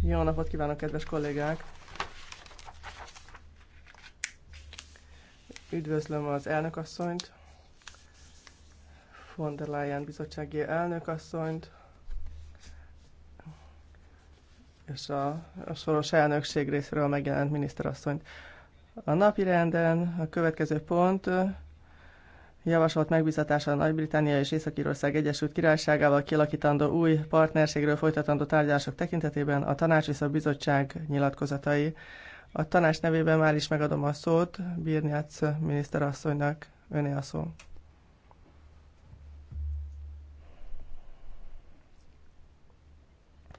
Jó napot kívánok, kedves kollégák! Üdvözlöm az elnökasszonyt, von der Leyen bizottsági elnökasszonyt, és a, a soros elnökség részéről megjelent miniszterasszonyt. A napi renden a következő pont javasolt megbízatása a Nagy-Britannia és Észak-Írország Egyesült Királyságával kialakítandó új partnerségről folytatandó tárgyalások tekintetében a Tanács és a Bizottság nyilatkozatai. A tanács nevében már is megadom a szót Birnyác miniszterasszonynak. Öné a szó.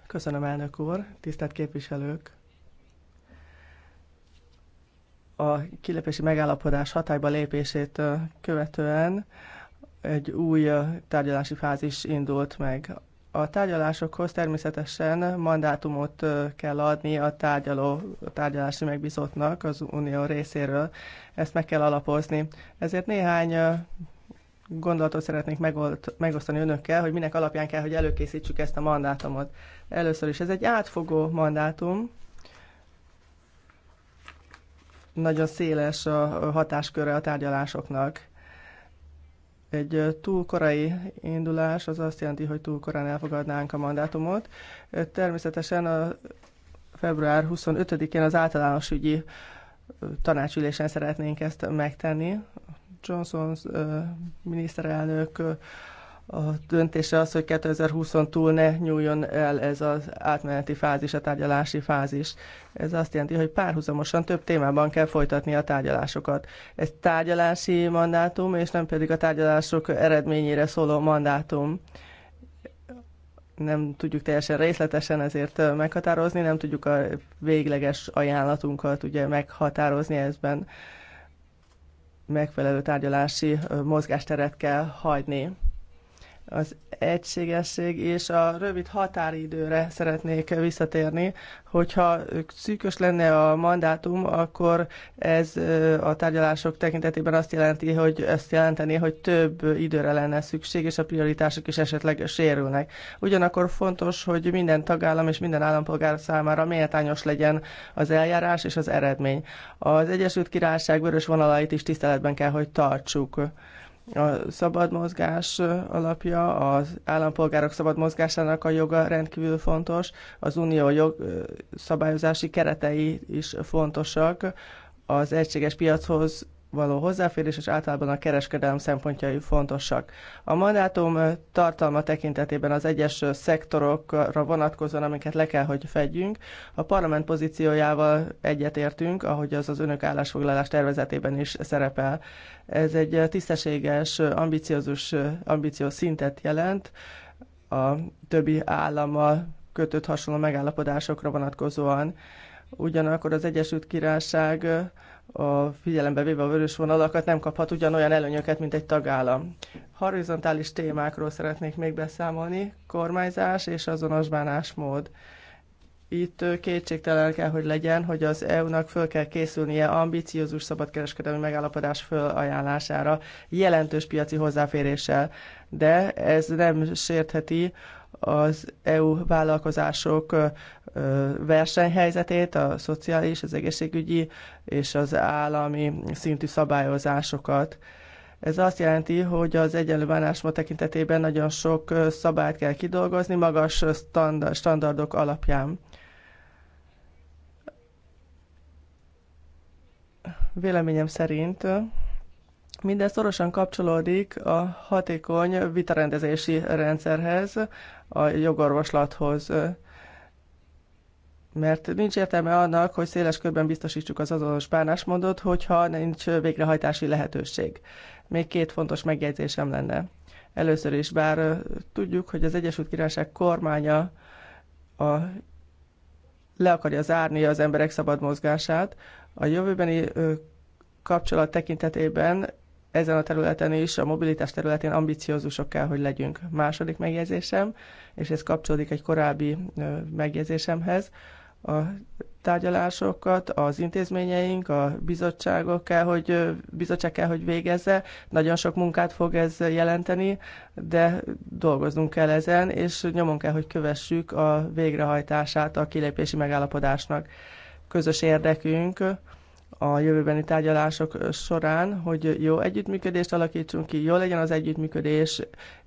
Köszönöm, elnök úr, tisztelt képviselők! a kilépési megállapodás hatályba lépését követően egy új tárgyalási fázis indult meg. A tárgyalásokhoz természetesen mandátumot kell adni a tárgyaló, a tárgyalási megbízottnak az unió részéről. Ezt meg kell alapozni. Ezért néhány gondolatot szeretnék megolt, megosztani önökkel, hogy minek alapján kell, hogy előkészítsük ezt a mandátumot. Először is ez egy átfogó mandátum, nagyon széles a hatásköre a tárgyalásoknak. Egy túl korai indulás az azt jelenti, hogy túl korán elfogadnánk a mandátumot. Természetesen a február 25-én az általános ügyi tanácsülésen szeretnénk ezt megtenni. Johnson miniszterelnök a döntése az, hogy 2020-on túl ne nyúljon el ez az átmeneti fázis, a tárgyalási fázis. Ez azt jelenti, hogy párhuzamosan több témában kell folytatni a tárgyalásokat. Ez tárgyalási mandátum, és nem pedig a tárgyalások eredményére szóló mandátum. Nem tudjuk teljesen részletesen ezért meghatározni, nem tudjuk a végleges ajánlatunkat ugye meghatározni ezben megfelelő tárgyalási mozgásteret kell hagyni az egységesség és a rövid határidőre szeretnék visszatérni, hogyha szűkös lenne a mandátum, akkor ez a tárgyalások tekintetében azt jelenti, hogy ezt jelenteni, hogy több időre lenne szükség, és a prioritások is esetleg sérülnek. Ugyanakkor fontos, hogy minden tagállam és minden állampolgár számára méltányos legyen az eljárás és az eredmény. Az Egyesült Királyság vörös vonalait is tiszteletben kell, hogy tartsuk a szabad mozgás alapja, az állampolgárok szabad mozgásának a joga rendkívül fontos, az unió jog szabályozási keretei is fontosak, az egységes piachoz való hozzáférés, és általában a kereskedelem szempontjai fontosak. A mandátum tartalma tekintetében az egyes szektorokra vonatkozóan, amiket le kell, hogy fedjünk, a parlament pozíciójával egyetértünk, ahogy az az önök állásfoglalás tervezetében is szerepel. Ez egy tisztességes, ambiciózus, ambíciós szintet jelent a többi állammal kötött hasonló megállapodásokra vonatkozóan. Ugyanakkor az Egyesült Királyság a figyelembe véve a vörös vonalakat nem kaphat ugyanolyan előnyöket, mint egy tagállam. Horizontális témákról szeretnék még beszámolni, kormányzás és azonos bánásmód. Itt kétségtelen kell, hogy legyen, hogy az EU-nak föl kell készülnie ambiciózus szabadkereskedelmi megállapodás fölajánlására jelentős piaci hozzáféréssel, de ez nem sértheti az EU vállalkozások versenyhelyzetét, a szociális, az egészségügyi és az állami szintű szabályozásokat. Ez azt jelenti, hogy az egyenlő bánásmód tekintetében nagyon sok szabályt kell kidolgozni magas standardok alapján. Véleményem szerint minden szorosan kapcsolódik a hatékony vitarendezési rendszerhez, a jogorvoslathoz, mert nincs értelme annak, hogy széles körben biztosítsuk az azonos bánásmódot, hogyha nincs végrehajtási lehetőség. Még két fontos megjegyzésem lenne. Először is, bár tudjuk, hogy az Egyesült Királyság kormánya a, le akarja zárni az emberek szabad mozgását, a jövőbeni kapcsolat tekintetében ezen a területen is, a mobilitás területén ambiciózusok kell, hogy legyünk. Második megjegyzésem, és ez kapcsolódik egy korábbi megjegyzésemhez, a tárgyalásokat az intézményeink, a bizottságok kell, hogy, bizottság kell, hogy végezze. Nagyon sok munkát fog ez jelenteni, de dolgoznunk kell ezen, és nyomon kell, hogy kövessük a végrehajtását a kilépési megállapodásnak. Közös érdekünk, a jövőbeni tárgyalások során, hogy jó együttműködést alakítsunk ki, jó legyen az együttműködés,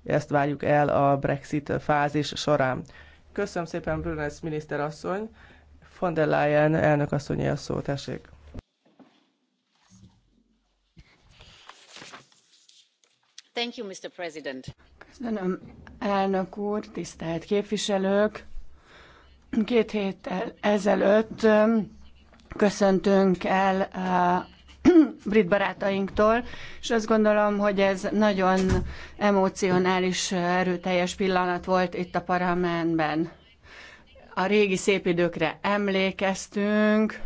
ezt várjuk el a Brexit fázis során. Köszönöm szépen, Brunesz miniszterasszony. Von der Leyen elnök a szó, tessék. Thank you, Mr. President. Köszönöm, elnök úr, tisztelt képviselők. Két héttel ezelőtt köszöntünk el uh, a brit barátainktól, és azt gondolom, hogy ez nagyon emocionális, uh, erőteljes pillanat volt itt a parlamentben. A régi szép időkre emlékeztünk,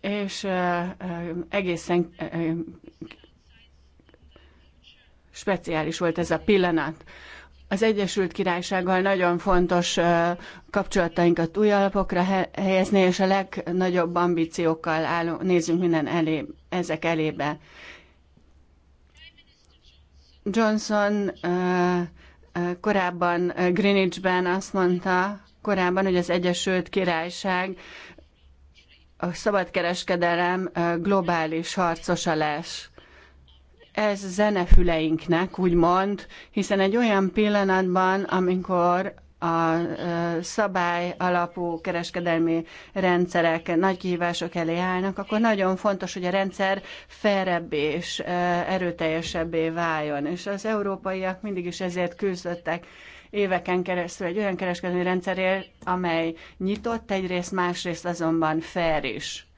és uh, egészen speciális volt ez a pillanat. Az Egyesült Királysággal nagyon fontos kapcsolatainkat új alapokra helyezni, és a legnagyobb ambíciókkal álló, nézünk minden elé, ezek elébe. Johnson korábban Greenwichben azt mondta, korábban, hogy az Egyesült Királyság a szabadkereskedelem globális harcosa lesz ez zenefüleinknek, úgymond, hiszen egy olyan pillanatban, amikor a szabály alapú kereskedelmi rendszerek nagy kihívások elé állnak, akkor nagyon fontos, hogy a rendszer felrebb és erőteljesebbé váljon. És az európaiak mindig is ezért küzdöttek éveken keresztül egy olyan kereskedelmi rendszerért, amely nyitott egyrészt, másrészt azonban fair is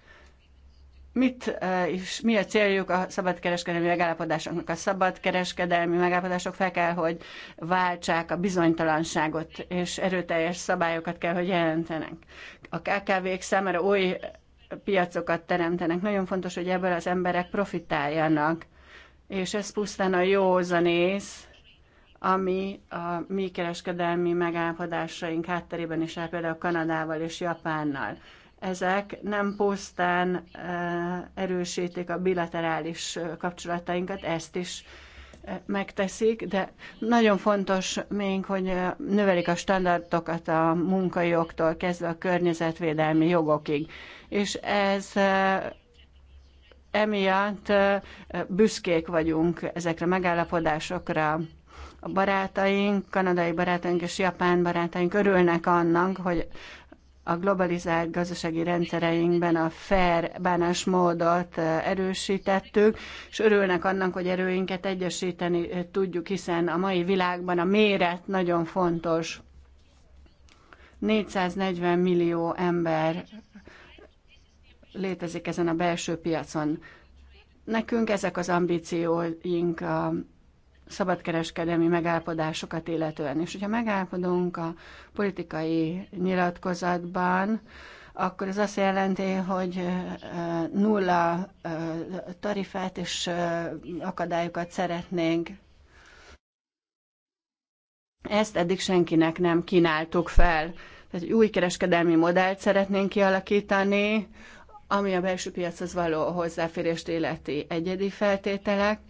mit eh, és mi a céljuk a szabadkereskedelmi megállapodásoknak? A szabadkereskedelmi megállapodások fel kell, hogy váltsák a bizonytalanságot, és erőteljes szabályokat kell, hogy jelentenek. A KKV-k számára új piacokat teremtenek. Nagyon fontos, hogy ebből az emberek profitáljanak. És ez pusztán a józanész, ami a mi kereskedelmi megállapodásaink hátterében is áll, például Kanadával és Japánnal ezek nem pusztán eh, erősítik a bilaterális eh, kapcsolatainkat, ezt is eh, megteszik, de nagyon fontos még, hogy növelik a standardokat a munkajogtól kezdve a környezetvédelmi jogokig. És ez emiatt büszkék vagyunk ezekre a megállapodásokra. A barátaink, kanadai barátaink és japán barátaink örülnek annak, hogy a globalizált gazdasági rendszereinkben a fair bánásmódot eh, erősítettük, és örülnek annak, hogy erőinket egyesíteni eh, tudjuk, hiszen a mai világban a méret nagyon fontos. 440 millió ember létezik ezen a belső piacon. Nekünk ezek az ambícióink a szabadkereskedelmi megállapodásokat illetően. És hogyha megállapodunk a politikai nyilatkozatban, akkor ez azt jelenti, hogy nulla tarifát és akadályokat szeretnénk. Ezt eddig senkinek nem kínáltuk fel. Tehát egy új kereskedelmi modellt szeretnénk kialakítani, ami a belső piachoz való hozzáférést életi egyedi feltételek,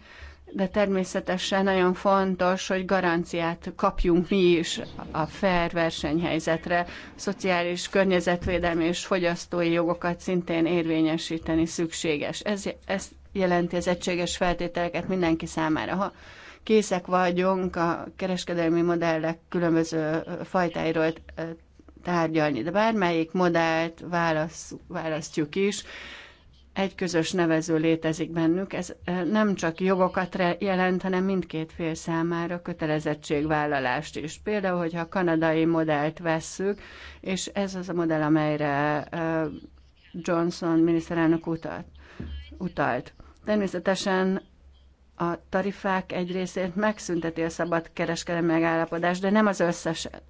de természetesen nagyon fontos, hogy garanciát kapjunk mi is a fair versenyhelyzetre, szociális, környezetvédelmi és fogyasztói jogokat szintén érvényesíteni szükséges. Ez, ez jelenti az egységes feltételeket mindenki számára. Ha készek vagyunk a kereskedelmi modellek különböző fajtáiról eh, tárgyalni, de bármelyik modellt válasz, választjuk is, egy közös nevező létezik bennük. Ez nem csak jogokat jelent, hanem mindkét fél számára kötelezettségvállalást is. Például, hogyha a kanadai modellt vesszük, és ez az a modell, amelyre Johnson miniszterelnök utalt. utalt. Természetesen a tarifák egy részét megszünteti a szabad kereskedelmi megállapodás, de nem az összeset.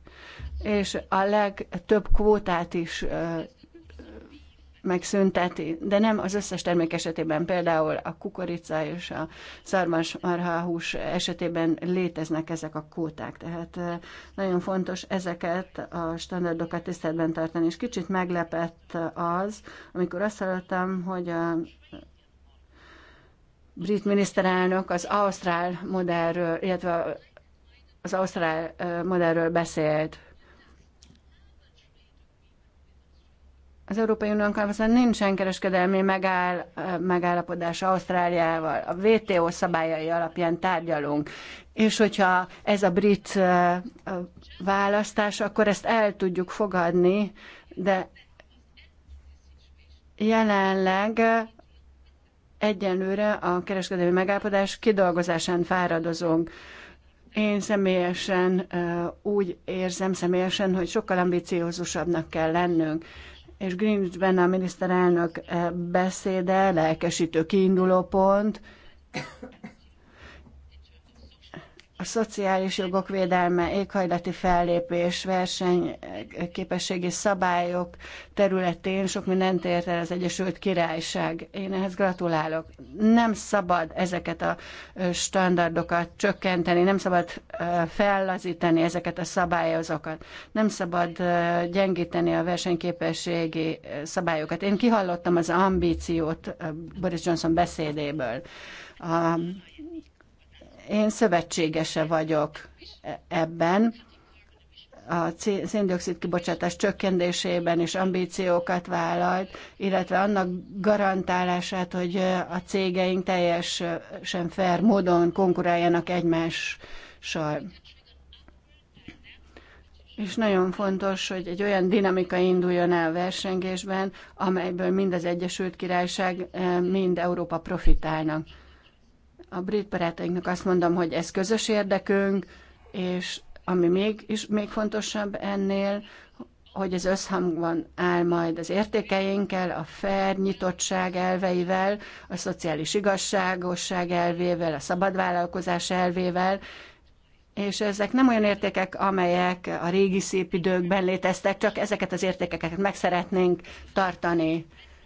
És a legtöbb kvótát is megszünteti, de nem az összes termék esetében, például a kukorica és a marhahús esetében léteznek ezek a kóták, tehát nagyon fontos ezeket a standardokat tiszteletben tartani, és kicsit meglepett az, amikor azt hallottam, hogy a brit miniszterelnök az ausztrál modellről, illetve az ausztrál modellről beszélt, Az Európai Uniónak azon nincsen kereskedelmi megáll, megállapodása Ausztráliával, a WTO szabályai alapján tárgyalunk. És hogyha ez a brit választás, akkor ezt el tudjuk fogadni, de jelenleg egyenlőre a kereskedelmi megállapodás kidolgozásán fáradozunk. Én személyesen úgy érzem személyesen, hogy sokkal ambiciózusabbnak kell lennünk és benne a miniszterelnök eh, beszéde lelkesítő kiinduló pont, a szociális jogok védelme, éghajlati fellépés, versenyképességi szabályok területén sok mindent ért el az Egyesült Királyság. Én ehhez gratulálok. Nem szabad ezeket a standardokat csökkenteni, nem szabad fellazítani ezeket a szabályozókat, nem szabad gyengíteni a versenyképességi szabályokat. Én kihallottam az ambíciót Boris Johnson beszédéből. A én szövetségese vagyok ebben a széndiokszid kibocsátás csökkentésében is ambíciókat vállalt, illetve annak garantálását, hogy a cégeink teljesen fair módon konkuráljanak egymással. És nagyon fontos, hogy egy olyan dinamika induljon el a versengésben, amelyből mind az Egyesült Királyság, mind Európa profitálnak. A brit barátainknak azt mondom, hogy ez közös érdekünk, és ami még, is, még fontosabb ennél, hogy ez összhangban áll majd az értékeinkkel, a fair nyitottság elveivel, a szociális igazságosság elvével, a szabadvállalkozás elvével, és ezek nem olyan értékek, amelyek a régi szép időkben léteztek, csak ezeket az értékeket meg szeretnénk tartani.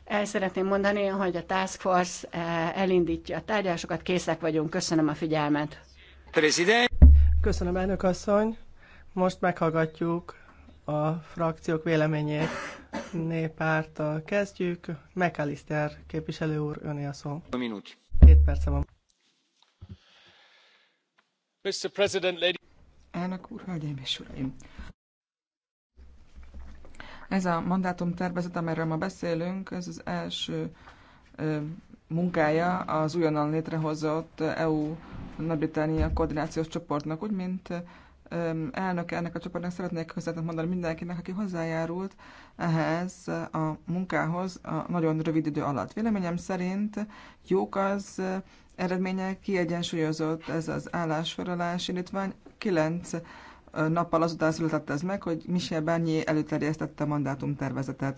El szeretném mondani, hogy a Task Force eh, elindítja a tárgyalásokat, készek vagyunk. Köszönöm a figyelmet. President. Köszönöm, elnök asszony. Most meghallgatjuk a frakciók véleményét. Néppárttal kezdjük. McAllister képviselő úr, öné a szó. Minut. Két perce van. Mr. President, lady... Elnök úr, hölgyeim és uraim! Ez a mandátum tervezet, amelyről ma beszélünk, ez az első munkája az újonnan létrehozott EU-Nagy-Britannia koordinációs csoportnak, úgy mint elnöke ennek a csoportnak szeretnék közvetlenül mondani mindenkinek, aki hozzájárult ehhez a munkához a nagyon rövid idő alatt. Véleményem szerint jók az eredmények, kiegyensúlyozott ez az állásfoglalás indítvány, kilenc nappal azután született ez meg, hogy Michel Barnier előterjesztette a mandátumtervezetet.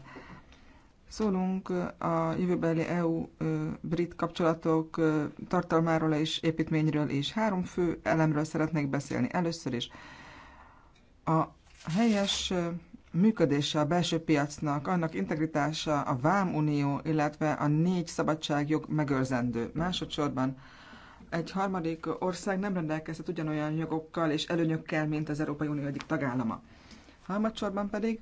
Szólunk a jövőbeli EU-brit kapcsolatok tartalmáról és építményről is. Három fő elemről szeretnék beszélni. Először is a helyes működése a belső piacnak, annak integritása, a vámunió, illetve a négy szabadságjog megőrzendő. Másodszorban egy harmadik ország nem rendelkezhet ugyanolyan jogokkal és előnyökkel, mint az Európai Unió egyik tagállama. Harmadsorban pedig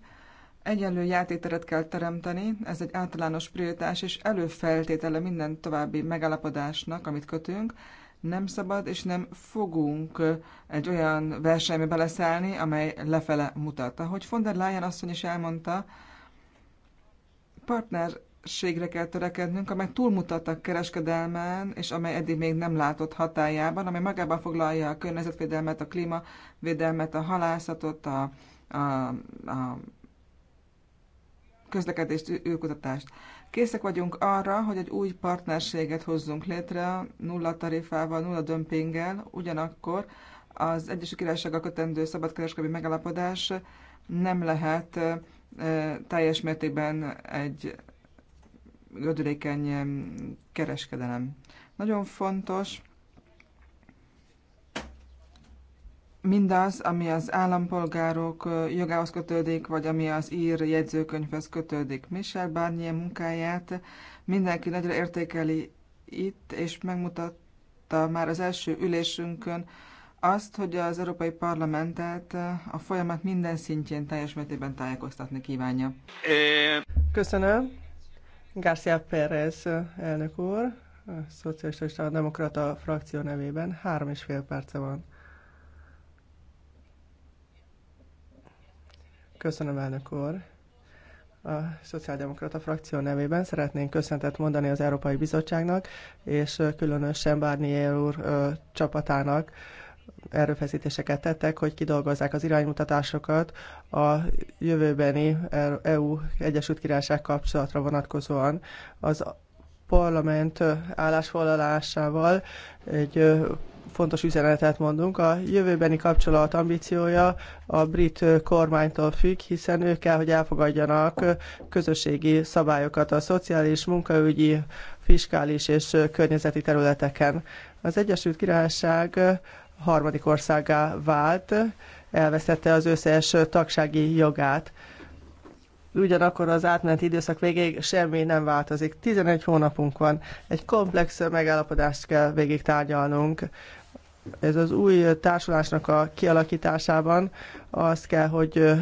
egyenlő játéteret kell teremteni, ez egy általános prioritás és előfeltétele minden további megállapodásnak, amit kötünk. Nem szabad és nem fogunk egy olyan versenybe beleszállni, amely lefele mutat. Ahogy von der Leyen asszony is elmondta, partner segre kell törekednünk, amely túlmutat a kereskedelmen, és amely eddig még nem látott hatájában, amely magában foglalja a környezetvédelmet, a klímavédelmet, a halászatot, a, a, a közlekedést, űrkutatást. Készek vagyunk arra, hogy egy új partnerséget hozzunk létre, nulla tarifával, nulla dömpinggel, ugyanakkor az Egyesült Királysággal kötendő szabadkereskedelmi megalapodás nem lehet teljes mértékben egy gödrékeny kereskedelem. Nagyon fontos mindaz, ami az állampolgárok jogához kötődik, vagy ami az ír jegyzőkönyvhez kötődik. Michel Barnier munkáját mindenki nagyra értékeli itt, és megmutatta már az első ülésünkön azt, hogy az Európai Parlamentet a folyamat minden szintjén teljes mértékben tájékoztatni kívánja. Köszönöm. García Pérez elnök úr, a Szocialista és a Demokrata frakció nevében három és fél perce van. Köszönöm, elnök úr. A Szociáldemokrata frakció nevében szeretnénk köszöntet mondani az Európai Bizottságnak, és különösen Bárnyi úr csapatának, erőfeszítéseket tettek, hogy kidolgozzák az iránymutatásokat a jövőbeni EU e Egyesült Királyság kapcsolatra vonatkozóan. Az parlament állásfoglalásával egy fontos üzenetet mondunk. A jövőbeni kapcsolat ambíciója a brit kormánytól függ, hiszen ők kell, hogy elfogadjanak közösségi szabályokat a szociális, munkaügyi, fiskális és környezeti területeken. Az Egyesült Királyság harmadik országá vált, elvesztette az összes tagsági jogát. Ugyanakkor az átmeneti időszak végéig semmi nem változik. 11 hónapunk van. Egy komplex megállapodást kell végig tárgyalnunk. Ez az új társulásnak a kialakításában az kell, hogy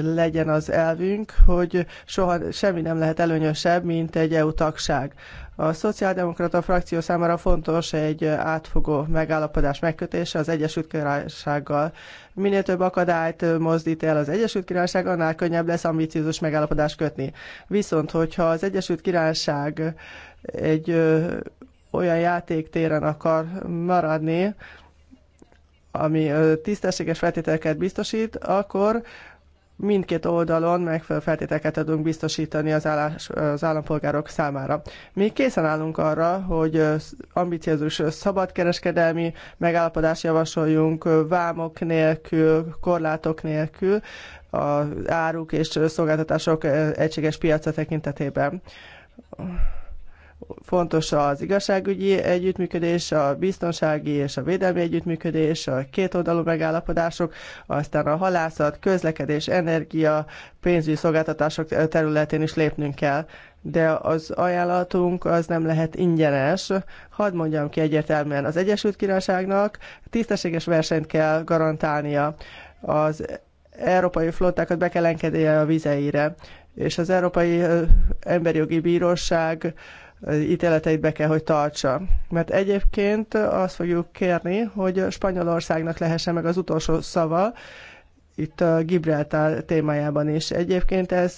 legyen az elvünk, hogy soha semmi nem lehet előnyösebb, mint egy EU tagság. A szociáldemokrata frakció számára fontos egy átfogó megállapodás megkötése az Egyesült Királysággal. Minél több akadályt mozdít el az Egyesült Királyság, annál könnyebb lesz ambiciózus megállapodást kötni. Viszont, hogyha az Egyesült Királyság egy ö, olyan játéktéren akar maradni, ami tisztességes feltételeket biztosít, akkor mindkét oldalon megfelelő feltételeket tudunk biztosítani az, állás, az állampolgárok számára. Mi készen állunk arra, hogy ambiciózus szabadkereskedelmi megállapodást javasoljunk vámok nélkül, korlátok nélkül az áruk és szolgáltatások egységes piaca tekintetében Fontos az igazságügyi együttműködés, a biztonsági és a védelmi együttműködés, a kétoldalú megállapodások, aztán a halászat, közlekedés, energia, pénzügyi szolgáltatások területén is lépnünk kell. De az ajánlatunk az nem lehet ingyenes. Hadd mondjam ki egyértelműen, az Egyesült Királyságnak tisztességes versenyt kell garantálnia. Az európai flottákat be kell engedélye a vizeire, és az Európai Emberi Jogi Bíróság ítéleteit be kell, hogy tartsa. Mert egyébként azt fogjuk kérni, hogy Spanyolországnak lehessen meg az utolsó szava, itt a Gibraltar témájában is. Egyébként ez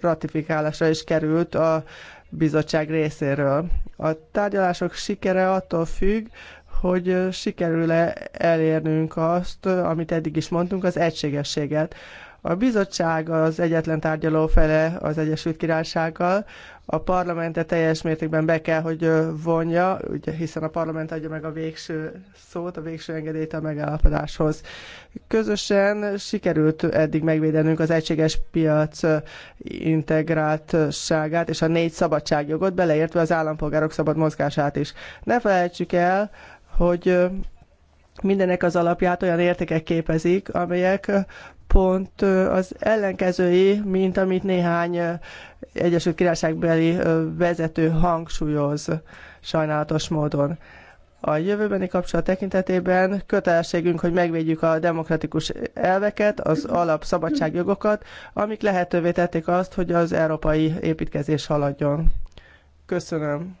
ratifikálásra is került a bizottság részéről. A tárgyalások sikere attól függ, hogy sikerül-e elérnünk azt, amit eddig is mondtunk, az egységességet. A bizottság az egyetlen tárgyaló fele az Egyesült Királysággal, a parlamentet teljes mértékben be kell, hogy vonja, ugye, hiszen a parlament adja meg a végső szót, a végső engedélyt a megállapodáshoz. Közösen sikerült eddig megvédenünk az egységes piac integráltságát és a négy szabadságjogot, beleértve az állampolgárok szabad mozgását is. Ne felejtsük el, hogy mindenek az alapját olyan értékek képezik, amelyek pont az ellenkezői, mint amit néhány Egyesült Királyságbeli vezető hangsúlyoz sajnálatos módon. A jövőbeni kapcsolat tekintetében kötelességünk, hogy megvédjük a demokratikus elveket, az alap szabadságjogokat, amik lehetővé tették azt, hogy az európai építkezés haladjon. Köszönöm.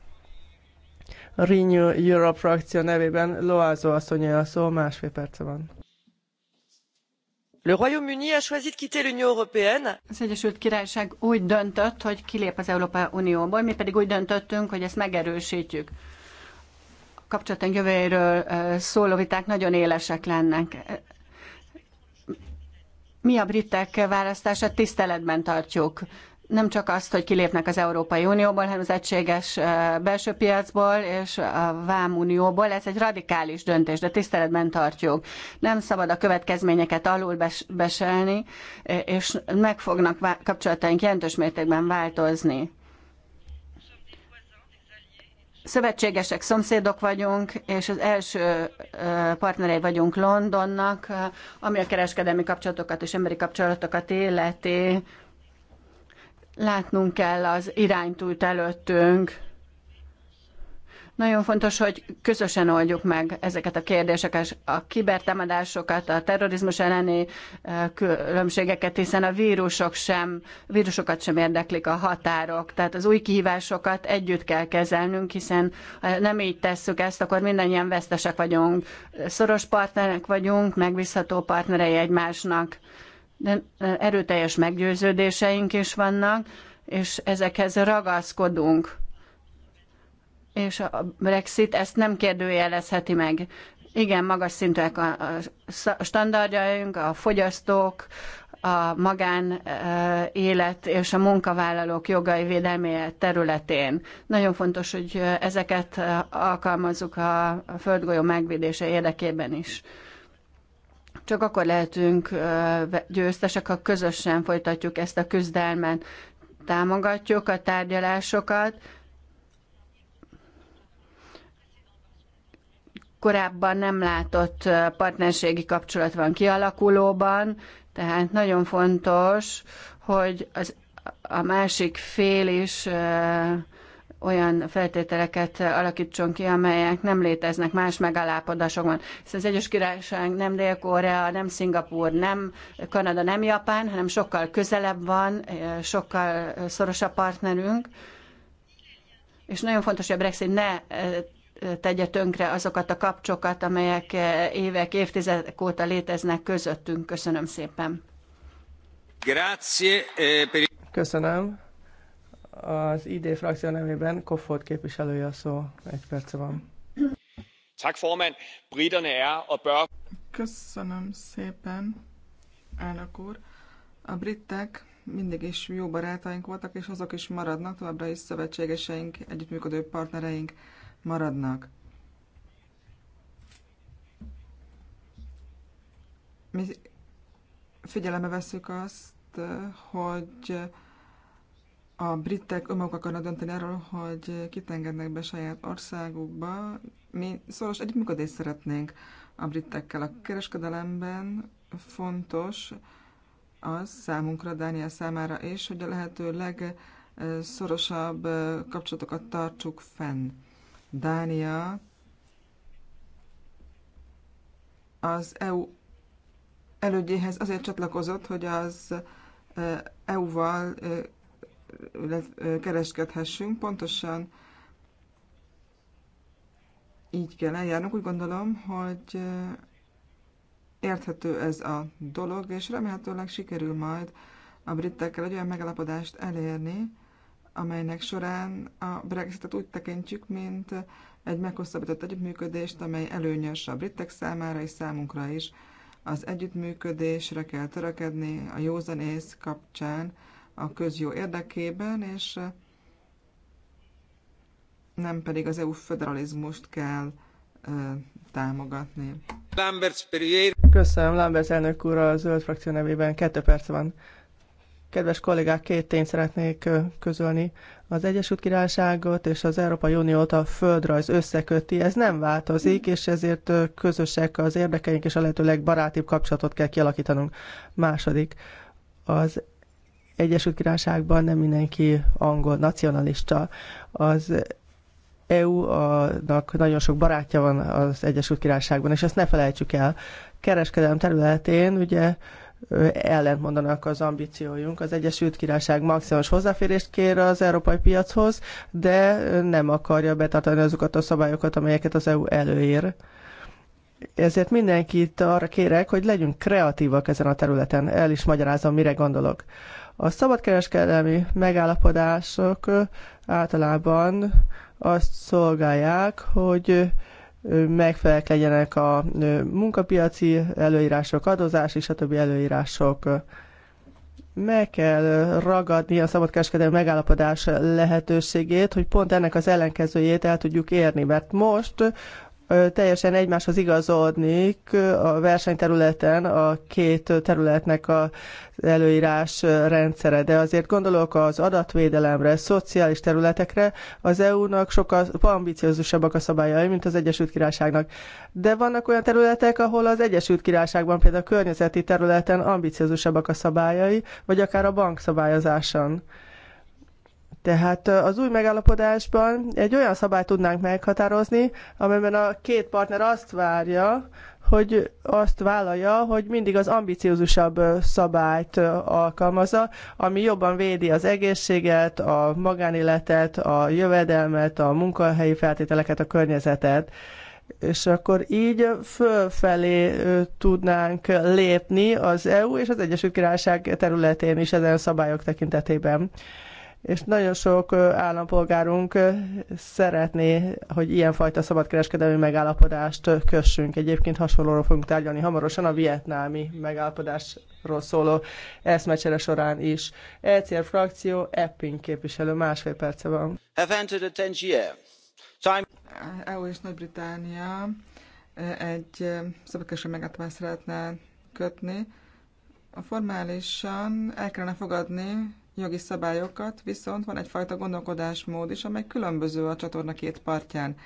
Renew Europe frakció nevében Loázó asszonyja a szó, másfél perce van. Az Egyesült Királyság úgy döntött, hogy kilép az Európai Unióból, mi pedig úgy döntöttünk, hogy ezt megerősítjük. A kapcsolatunk jövőjéről szóló viták nagyon élesek lennek. Mi a britek választását tiszteletben tartjuk nem csak azt, hogy kilépnek az Európai Unióból, hanem az egységes belső piacból és a Vámunióból. Ez egy radikális döntés, de tiszteletben tartjuk. Nem szabad a következményeket alul beselni, és meg fognak kapcsolataink jelentős mértékben változni. Szövetségesek, szomszédok vagyunk, és az első partnerei vagyunk Londonnak, ami a kereskedelmi kapcsolatokat és emberi kapcsolatokat életi látnunk kell az iránytúlt előttünk. Nagyon fontos, hogy közösen oldjuk meg ezeket a kérdéseket, a kibertámadásokat, a terrorizmus elleni eh, különbségeket, hiszen a vírusok sem, vírusokat sem érdeklik a határok. Tehát az új kihívásokat együtt kell kezelnünk, hiszen ha nem így tesszük ezt, akkor mindannyian vesztesek vagyunk. Szoros partnerek vagyunk, megbízható partnerei egymásnak de erőteljes meggyőződéseink is vannak, és ezekhez ragaszkodunk. És a Brexit ezt nem kérdőjelezheti meg. Igen, magas szintűek a standardjaink, a fogyasztók, a magánélet és a munkavállalók jogai védelméje területén. Nagyon fontos, hogy ezeket alkalmazzuk a földgolyó megvédése érdekében is. Csak akkor lehetünk győztesek, ha közösen folytatjuk ezt a küzdelmet. Támogatjuk a tárgyalásokat, korábban nem látott partnerségi kapcsolat van kialakulóban, tehát nagyon fontos, hogy az, a másik fél is olyan feltételeket alakítson ki, amelyek nem léteznek más megállapodásokban. Hiszen az Egyes Királyság nem Dél-Korea, nem Szingapur, nem Kanada, nem Japán, hanem sokkal közelebb van, eh, sokkal eh, szorosabb partnerünk. És nagyon fontos, hogy a Brexit ne eh, tegye tönkre azokat a kapcsokat, amelyek évek, évtizedek óta léteznek közöttünk. Köszönöm szépen. Grazie. Köszönöm. Az ID frakció nevében Koffort képviselője a szó. Egy perce van. Tak, formand. Briterne er og bør... Köszönöm szépen, elnök úr. A britek mindig is jó barátaink voltak, és azok is maradnak, továbbra is szövetségeseink, együttműködő partnereink maradnak. Mi figyelembe veszük azt, hogy a britek önmaguk akarnak dönteni arról, hogy kit engednek be saját országukba. Mi szoros együttműködést szeretnénk a britekkel. A kereskedelemben fontos az számunkra, Dániel számára is, hogy a lehető legszorosabb kapcsolatokat tartsuk fenn. Dánia az EU elődjéhez azért csatlakozott, hogy az EU-val kereskedhessünk. Pontosan így kell eljárnunk. Úgy gondolom, hogy érthető ez a dolog, és remélhetőleg sikerül majd a britekkel egy olyan megalapodást elérni, amelynek során a Brexitet úgy tekintjük, mint egy meghosszabbított együttműködést, amely előnyös a britek számára és számunkra is. Az együttműködésre kell törekedni a józanész kapcsán, a közjó érdekében, és eh, nem pedig az EU föderalizmust kell ö, eh, támogatni. Köszönöm, Lambert elnök úr, a zöld frakció nevében kettő perc van. Kedves kollégák, két tényt szeretnék eh, közölni. Az Egyesült Királyságot és az Európai Uniót a földrajz összeköti, ez nem változik, és ezért közösek az érdekeink, és a lehető legbarátibb kapcsolatot kell kialakítanunk. Második, az Egyesült Királyságban nem mindenki angol nacionalista. Az EU-nak nagyon sok barátja van az Egyesült Királyságban, és ezt ne felejtsük el. Kereskedelem területén ugye mondanak az ambíciójunk. Az Egyesült Királyság maximális hozzáférést kér az európai piachoz, de nem akarja betartani azokat a szabályokat, amelyeket az EU előír. Ezért mindenkit arra kérek, hogy legyünk kreatívak ezen a területen. El is magyarázom, mire gondolok. A szabadkereskedelmi megállapodások általában azt szolgálják, hogy megfelelek legyenek a munkapiaci előírások, adózási stb. előírások. Meg kell ragadni a szabadkereskedelmi megállapodás lehetőségét, hogy pont ennek az ellenkezőjét el tudjuk érni, mert most teljesen egymáshoz igazodnik a versenyterületen a két területnek a előírás rendszere, de azért gondolok az adatvédelemre, szociális területekre, az EU-nak sokkal ambiciózusabbak a szabályai, mint az Egyesült Királyságnak. De vannak olyan területek, ahol az Egyesült Királyságban például a környezeti területen ambiciózusabbak a szabályai, vagy akár a bankszabályozáson. Tehát az új megállapodásban egy olyan szabályt tudnánk meghatározni, amelyben a két partner azt várja, hogy azt vállalja, hogy mindig az ambiciózusabb szabályt alkalmazza, ami jobban védi az egészséget, a magánéletet, a jövedelmet, a munkahelyi feltételeket, a környezetet. És akkor így fölfelé tudnánk lépni az EU és az Egyesült Királyság területén is ezen szabályok tekintetében és nagyon sok állampolgárunk szeretné, hogy ilyenfajta szabadkereskedelmi megállapodást kössünk. Egyébként hasonlóról fogunk tárgyalni hamarosan a vietnámi megállapodásról szóló eszmecsere során is. ECR er frakció, Epping képviselő, másfél perce van. EU e-, e és Nagy-Británia egy szabadkereskedelmi megállapodást szeretne kötni. Formálisan el kellene fogadni jogi szabályokat, viszont van egyfajta gondolkodásmód is, amely különböző a csatorna két partján.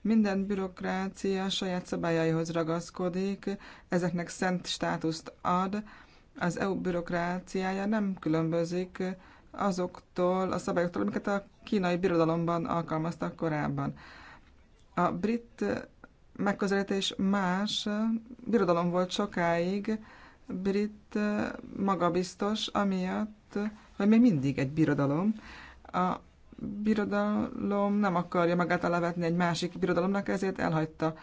Minden bürokrácia saját szabályaihoz ragaszkodik, ezeknek szent státuszt ad. Az EU bürokráciája nem különbözik azoktól a szabályoktól, amiket a kínai birodalomban alkalmaztak korábban. A brit megközelítés más, birodalom volt sokáig, brit magabiztos, amiatt, hogy még mindig egy birodalom. A birodalom nem akarja magát alávetni egy másik birodalomnak, ezért elhagyta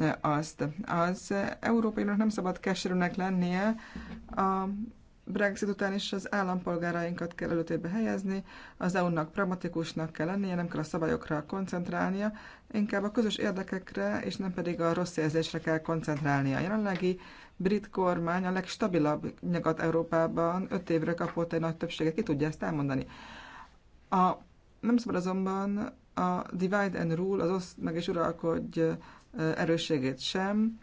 e, azt. Az Európai nem szabad keserűnek lennie a Brexit után is az állampolgárainkat kell előtérbe helyezni, az EU-nak pragmatikusnak kell lennie, nem kell a szabályokra koncentrálnia, inkább a közös érdekekre és nem pedig a rossz érzésre kell koncentrálnia. A jelenlegi brit kormány a legstabilabb Nyugat-Európában öt évre kapott egy nagy többséget, ki tudja ezt elmondani. A, nem szabad azonban a divide and rule, az osz meg és uralkodj erősségét sem,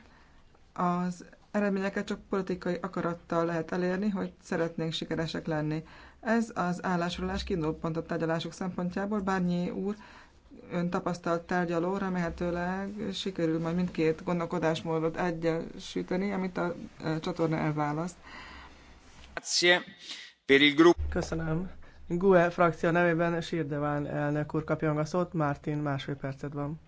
az eredményeket csak politikai akarattal lehet elérni, hogy szeretnénk sikeresek lenni. Ez az állásolás kiindulópont a tárgyalások szempontjából. Bárnyi úr, ön tapasztalt tárgyaló, remélhetőleg sikerül majd mindkét gondolkodásmódot egyesíteni, amit a e, csatorna elválaszt. Köszönöm. GUE frakció nevében Sirdeván elnök úr kapja a szót, Mártin másfél percet van.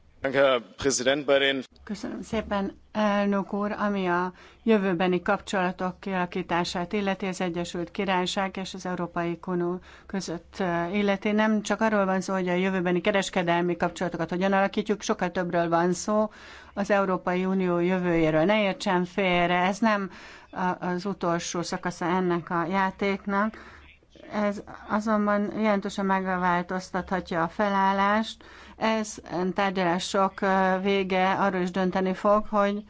Köszönöm szépen, elnök úr, ami a jövőbeni kapcsolatok kialakítását illeti az Egyesült Királyság és az Európai Unió között illeti. Nem csak arról van szó, hogy a jövőbeni kereskedelmi kapcsolatokat hogyan alakítjuk, sokkal többről van szó az Európai Unió jövőjéről. Ne értsen félre, ez nem az utolsó szakasza ennek a játéknak. Ez azonban jelentősen megváltoztathatja a felállást, ez tárgyalások vége arról is dönteni fog, hogy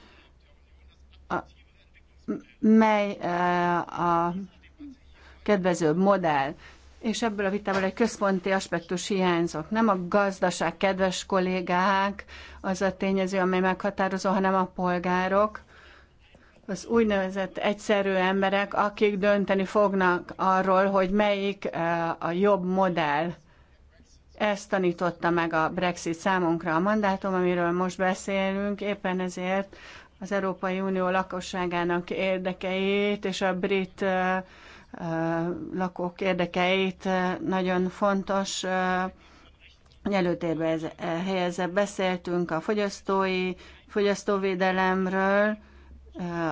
a, mely a kedvezőbb modell. És ebből a vitából egy központi aspektus hiányzok. Nem a gazdaság, kedves kollégák, az a tényező, amely meghatározó, hanem a polgárok, az úgynevezett egyszerű emberek, akik dönteni fognak arról, hogy melyik a jobb modell. Ezt tanította meg a Brexit számunkra a mandátum, amiről most beszélünk, éppen ezért az Európai Unió lakosságának érdekeit és a brit lakók érdekeit nagyon fontos előtérbe helyezve Beszéltünk a fogyasztói, fogyasztóvédelemről,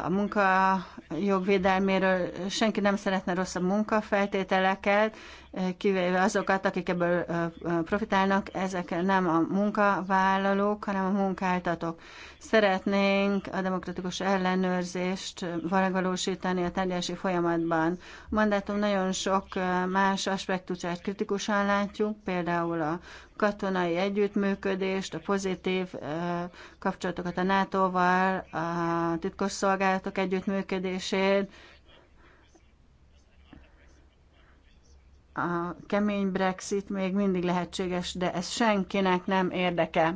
a munkajogvédelméről senki nem szeretne rosszabb munkafeltételeket, kivéve azokat, akik ebből profitálnak, ezek nem a munkavállalók, hanem a munkáltatók. Szeretnénk a demokratikus ellenőrzést valósítani a tárgyalási folyamatban. A mandátum nagyon sok más aspektusát kritikusan látjuk, például a katonai együttműködést, a pozitív kapcsolatokat a NATO-val, a titkosszolgálatok együttműködését, a kemény Brexit még mindig lehetséges, de ez senkinek nem érdeke.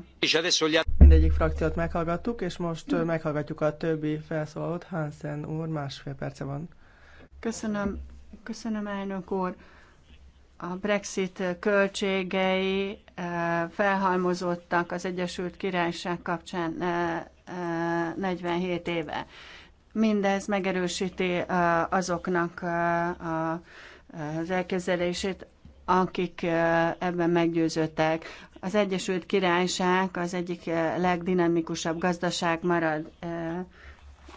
Mindegyik frakciót meghallgattuk, és most meghallgatjuk a többi felszólalót. Hansen úr, másfél perce van. Köszönöm, köszönöm elnök úr. A Brexit költségei felhalmozottak az Egyesült Királyság kapcsán 47 éve. Mindez megerősíti azoknak a az elképzelését, akik ebben meggyőződtek. Az Egyesült Királyság az egyik legdinamikusabb gazdaság marad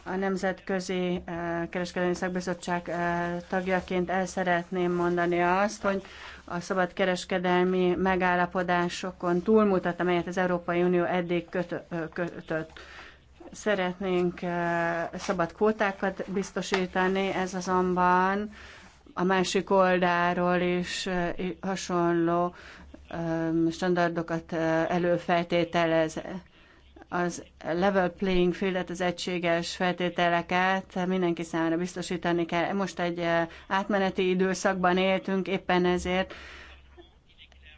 a Nemzetközi Kereskedelmi Szakbizottság tagjaként el szeretném mondani azt, hogy a szabad kereskedelmi megállapodásokon túlmutat, amelyet az Európai Unió eddig kötött. Szeretnénk szabad kvótákat biztosítani, ez azonban a másik oldalról is hasonló standardokat előfeltételez. Az level playing fieldet, az egységes feltételeket mindenki számára biztosítani kell. Most egy átmeneti időszakban éltünk, éppen ezért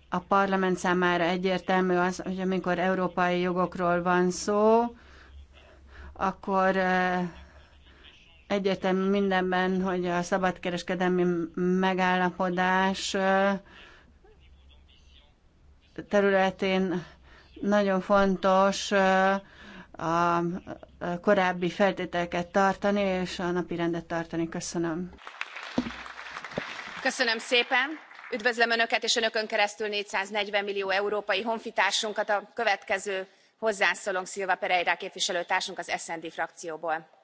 a parlament számára egyértelmű az, hogy amikor európai jogokról van szó, akkor egyetem mindenben, hogy a szabadkereskedelmi megállapodás területén nagyon fontos a korábbi feltételeket tartani, és a napi rendet tartani. Köszönöm. Köszönöm szépen. Üdvözlöm Önöket, és Önökön keresztül 440 millió európai honfitársunkat, a következő hozzászólónk Szilva Pereira képviselőtársunk az SND frakcióból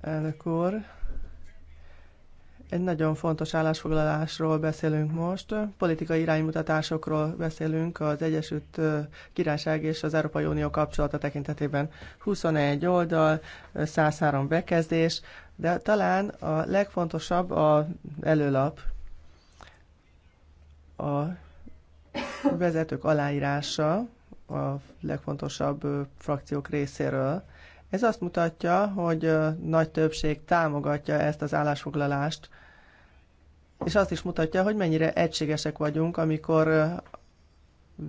Elnök úr, egy nagyon fontos állásfoglalásról beszélünk most. Politikai iránymutatásokról beszélünk az Egyesült Királyság és az Európai Unió kapcsolata tekintetében. 21 oldal, 103 bekezdés, de talán a legfontosabb a előlap, a vezetők aláírása a legfontosabb frakciók részéről ez azt mutatja, hogy nagy többség támogatja ezt az állásfoglalást, és azt is mutatja, hogy mennyire egységesek vagyunk, amikor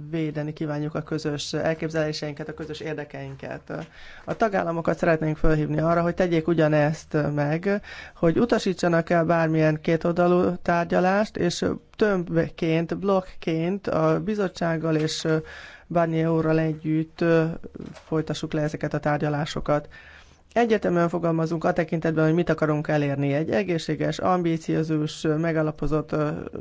védeni kívánjuk a közös elképzeléseinket, a közös érdekeinket. A tagállamokat szeretnénk fölhívni arra, hogy tegyék ugyanezt meg, hogy utasítsanak el bármilyen kétoldalú tárgyalást, és tömbként, blokként a bizottsággal és Barnier úrral együtt folytassuk le ezeket a tárgyalásokat egyetemen fogalmazunk a tekintetben, hogy mit akarunk elérni. Egy egészséges, ambíciózus, megalapozott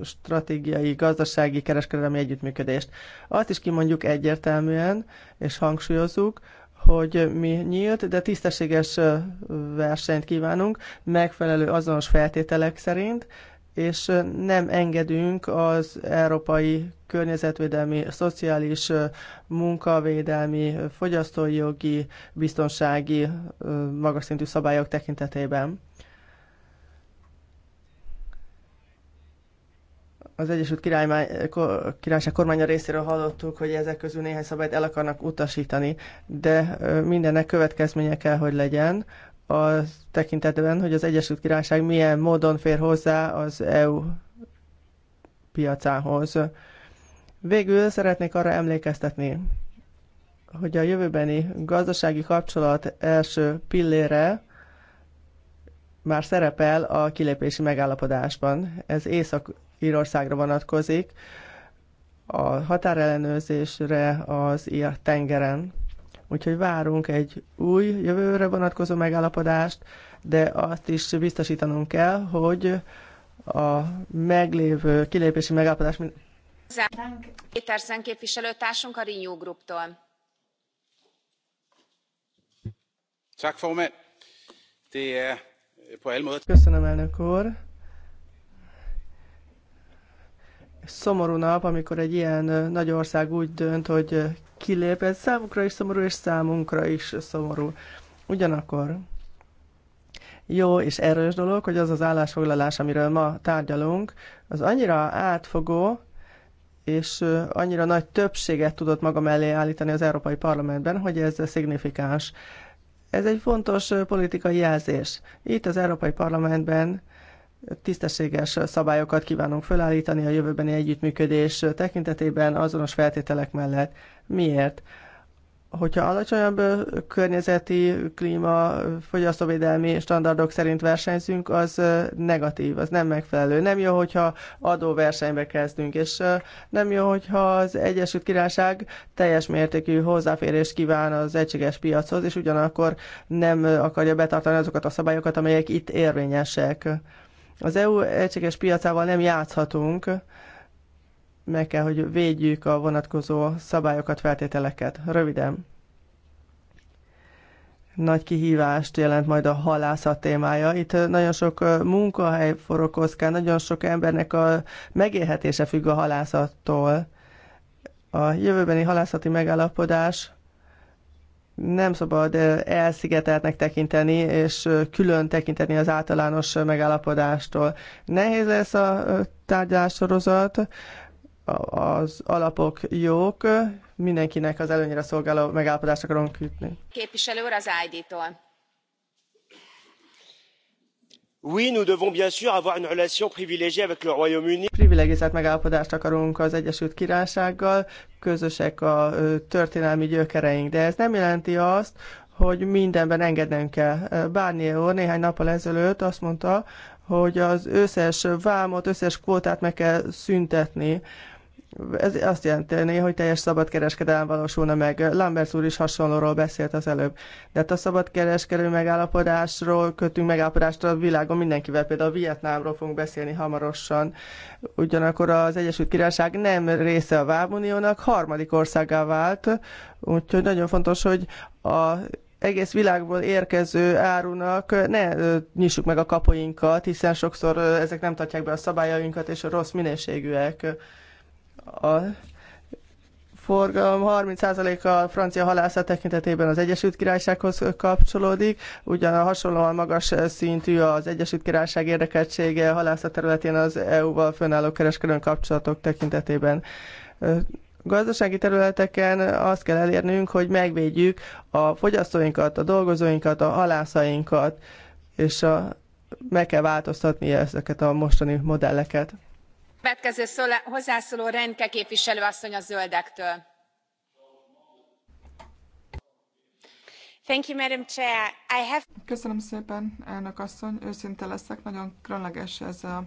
stratégiai, gazdasági, kereskedelmi együttműködést. Azt is kimondjuk egyértelműen, és hangsúlyozzuk, hogy mi nyílt, de tisztességes versenyt kívánunk, megfelelő azonos feltételek szerint, és nem engedünk az európai környezetvédelmi, szociális, munkavédelmi, fogyasztói jogi, biztonsági magas szintű szabályok tekintetében. Az Egyesült Király, Királyság kormánya részéről hallottuk, hogy ezek közül néhány szabályt el akarnak utasítani, de mindennek következménye kell, hogy legyen a tekintetben, hogy az Egyesült Királyság milyen módon fér hozzá az EU piacához. Végül szeretnék arra emlékeztetni, hogy a jövőbeni gazdasági kapcsolat első pillére már szerepel a kilépési megállapodásban. Ez Észak-Írországra vonatkozik, a határellenőrzésre az ír tengeren. Úgyhogy várunk egy új jövőre vonatkozó megállapodást, de azt is biztosítanunk kell, hogy a meglévő kilépési megállapodás... Péter képviselőtársunk a Renew Group-tól. Er, øh, Köszönöm, elnök úr. Szomorú nap, amikor egy ilyen nagy ország úgy dönt, hogy kilépett, számukra is szomorú, és számunkra is szomorú. Ugyanakkor jó és erős dolog, hogy az az állásfoglalás, amiről ma tárgyalunk, az annyira átfogó, és annyira nagy többséget tudott maga mellé állítani az Európai Parlamentben, hogy ez szignifikáns. Ez egy fontos politikai jelzés. Itt az Európai Parlamentben tisztességes szabályokat kívánunk felállítani a jövőbeni együttműködés tekintetében azonos feltételek mellett. Miért? Hogyha alacsonyabb környezeti, klíma, fogyasztóvédelmi standardok szerint versenyzünk, az negatív, az nem megfelelő. Nem jó, hogyha adóversenybe kezdünk, és nem jó, hogyha az Egyesült Királyság teljes mértékű hozzáférést kíván az egységes piachoz, és ugyanakkor nem akarja betartani azokat a szabályokat, amelyek itt érvényesek az EU egységes piacával nem játszhatunk, meg kell, hogy védjük a vonatkozó szabályokat, feltételeket. Röviden. Nagy kihívást jelent majd a halászat témája. Itt nagyon sok munkahely forog nagyon sok embernek a megélhetése függ a halászattól. A jövőbeni halászati megállapodás nem szabad eh, elszigeteltnek tekinteni, és eh, külön tekinteni az általános eh, megállapodástól. Nehéz lesz a tárgyalássorozat, az alapok jók, mindenkinek az előnyre szolgáló megállapodást akarunk ütni. Képviselő úr az ID-tól. Oui, nous devons bien sûr avoir une relation privilégiée avec le Royaume-Uni. Privilegizált megállapodást akarunk az Egyesült Királysággal, közösek a történelmi gyökereink, de ez nem jelenti azt, hogy mindenben engednünk kell. Bárnyi úr néhány nappal ezelőtt azt mondta, hogy az összes vámot, összes kvótát meg kell szüntetni. Ez azt jelenti, hogy teljes szabadkereskedelem valósulna meg. Lambert úr is hasonlóról beszélt az előbb. De hát a szabadkereskedő megállapodásról kötünk megállapodást a világon mindenkivel, például a Vietnámról fogunk beszélni hamarosan. Ugyanakkor az Egyesült Királyság nem része a Vámuniónak, harmadik országá vált, úgyhogy nagyon fontos, hogy a egész világból érkező árunak ne nyissuk meg a kapuinkat, hiszen sokszor ezek nem tartják be a szabályainkat, és a rossz minőségűek a forgalom 30%-a francia halászat tekintetében az Egyesült Királysághoz kapcsolódik, ugyan a hasonlóan magas szintű az Egyesült Királyság érdekeltsége a halászat területén az EU-val fönnálló kereskedő kapcsolatok tekintetében. Gazdasági területeken azt kell elérnünk, hogy megvédjük a fogyasztóinkat, a dolgozóinkat, a halászainkat, és a, meg kell változtatni ezeket a mostani modelleket hozzászóló Köszönöm szépen, elnök asszony, őszinte leszek, nagyon különleges ez a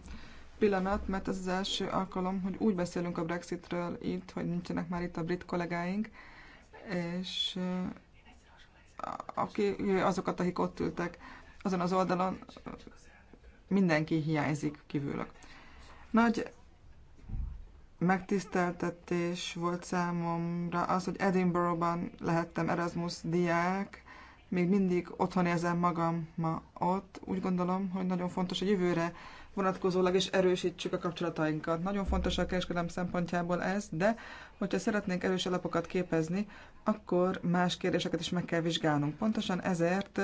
pillanat, mert ez az első alkalom, hogy úgy beszélünk a Brexitről itt, hogy nincsenek már itt a brit kollégáink, és eh, aki, azokat, akik ott ültek azon az oldalon, mindenki hiányzik kívülök. Nagy megtiszteltetés volt számomra az, hogy Edinburghban lehettem Erasmus diák, még mindig otthon érzem magam ma ott. Úgy gondolom, hogy nagyon fontos a jövőre vonatkozólag is erősítsük a kapcsolatainkat. Nagyon fontos a kereskedelem szempontjából ez, de hogyha szeretnénk erős alapokat képezni, akkor más kérdéseket is meg kell vizsgálnunk. Pontosan ezért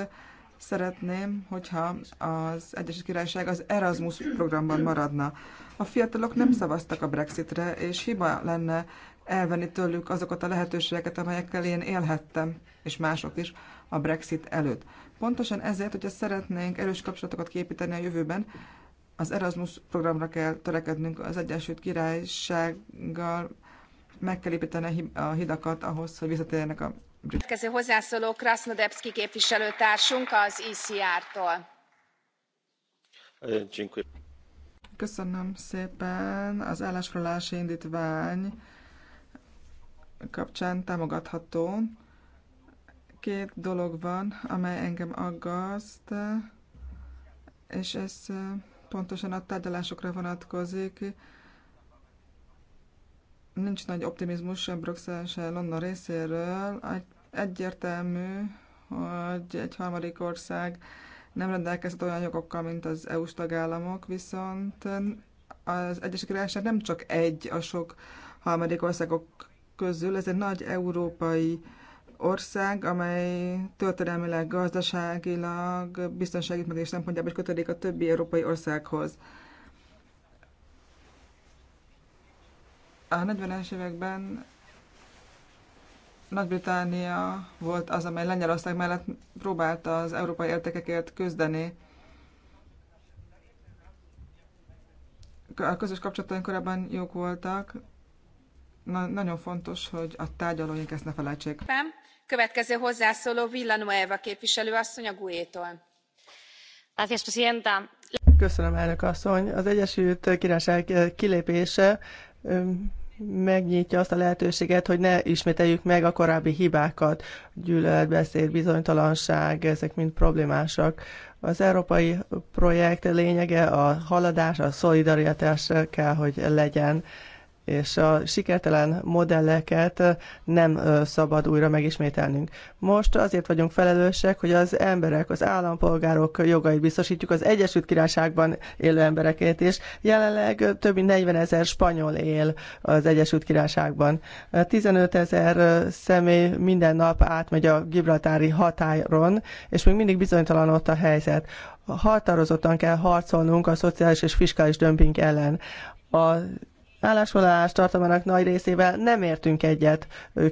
Szeretném, hogyha az Egyesült Királyság az Erasmus programban maradna. A fiatalok nem szavaztak a Brexitre, és hiba lenne elvenni tőlük azokat a lehetőségeket, amelyekkel én élhettem, és mások is a Brexit előtt. Pontosan ezért, hogyha szeretnénk erős kapcsolatokat képíteni a jövőben, az Erasmus programra kell törekednünk az Egyesült Királysággal, meg kell építeni a hidakat ahhoz, hogy visszatérjenek a hozzászóló képviselőtársunk az e köszönöm szépen az állásfoglalási indtvány kapcsán támogatható. Két dolog van, amely engem aggaszt, és ez pontosan a tárgyalásokra vonatkozik nincs nagy optimizmus a Brüsszel, se London részéről. Egyértelmű, hogy egy harmadik ország nem rendelkezett olyan jogokkal, mint az EU-s tagállamok, viszont az Egyesült Királyság nem csak egy a sok harmadik országok közül, ez egy nagy európai ország, amely történelmileg, gazdaságilag, biztonsági megés szempontjából is kötődik a többi európai országhoz. A 40-es években Nagy-Británia volt az, amely Lengyelország mellett próbálta az európai értékekért küzdeni. A közös kapcsolataink korábban jók voltak. Na, nagyon fontos, hogy a tárgyalóink ezt ne felejtsék. Következő hozzászóló Villanueva képviselő asszony a GUE-tól. Köszönöm, elnök asszony. Az Egyesült Királyság kilépése megnyitja azt a lehetőséget, hogy ne ismételjük meg a korábbi hibákat, gyűlöletbeszéd, bizonytalanság, ezek mind problémásak. Az európai projekt lényege a haladás, a szolidaritás kell, hogy legyen és a sikertelen modelleket nem szabad újra megismételnünk. Most azért vagyunk felelősek, hogy az emberek, az állampolgárok jogait biztosítjuk, az Egyesült Királyságban élő emberekét és Jelenleg több mint 40 ezer spanyol él az Egyesült Királyságban. 15 ezer személy minden nap átmegy a Gibraltári határon, és még mindig bizonytalan ott a helyzet. Határozottan kell harcolnunk a szociális és fiskális dömping ellen. A állásfoglalás tartalmának nagy részével nem értünk egyet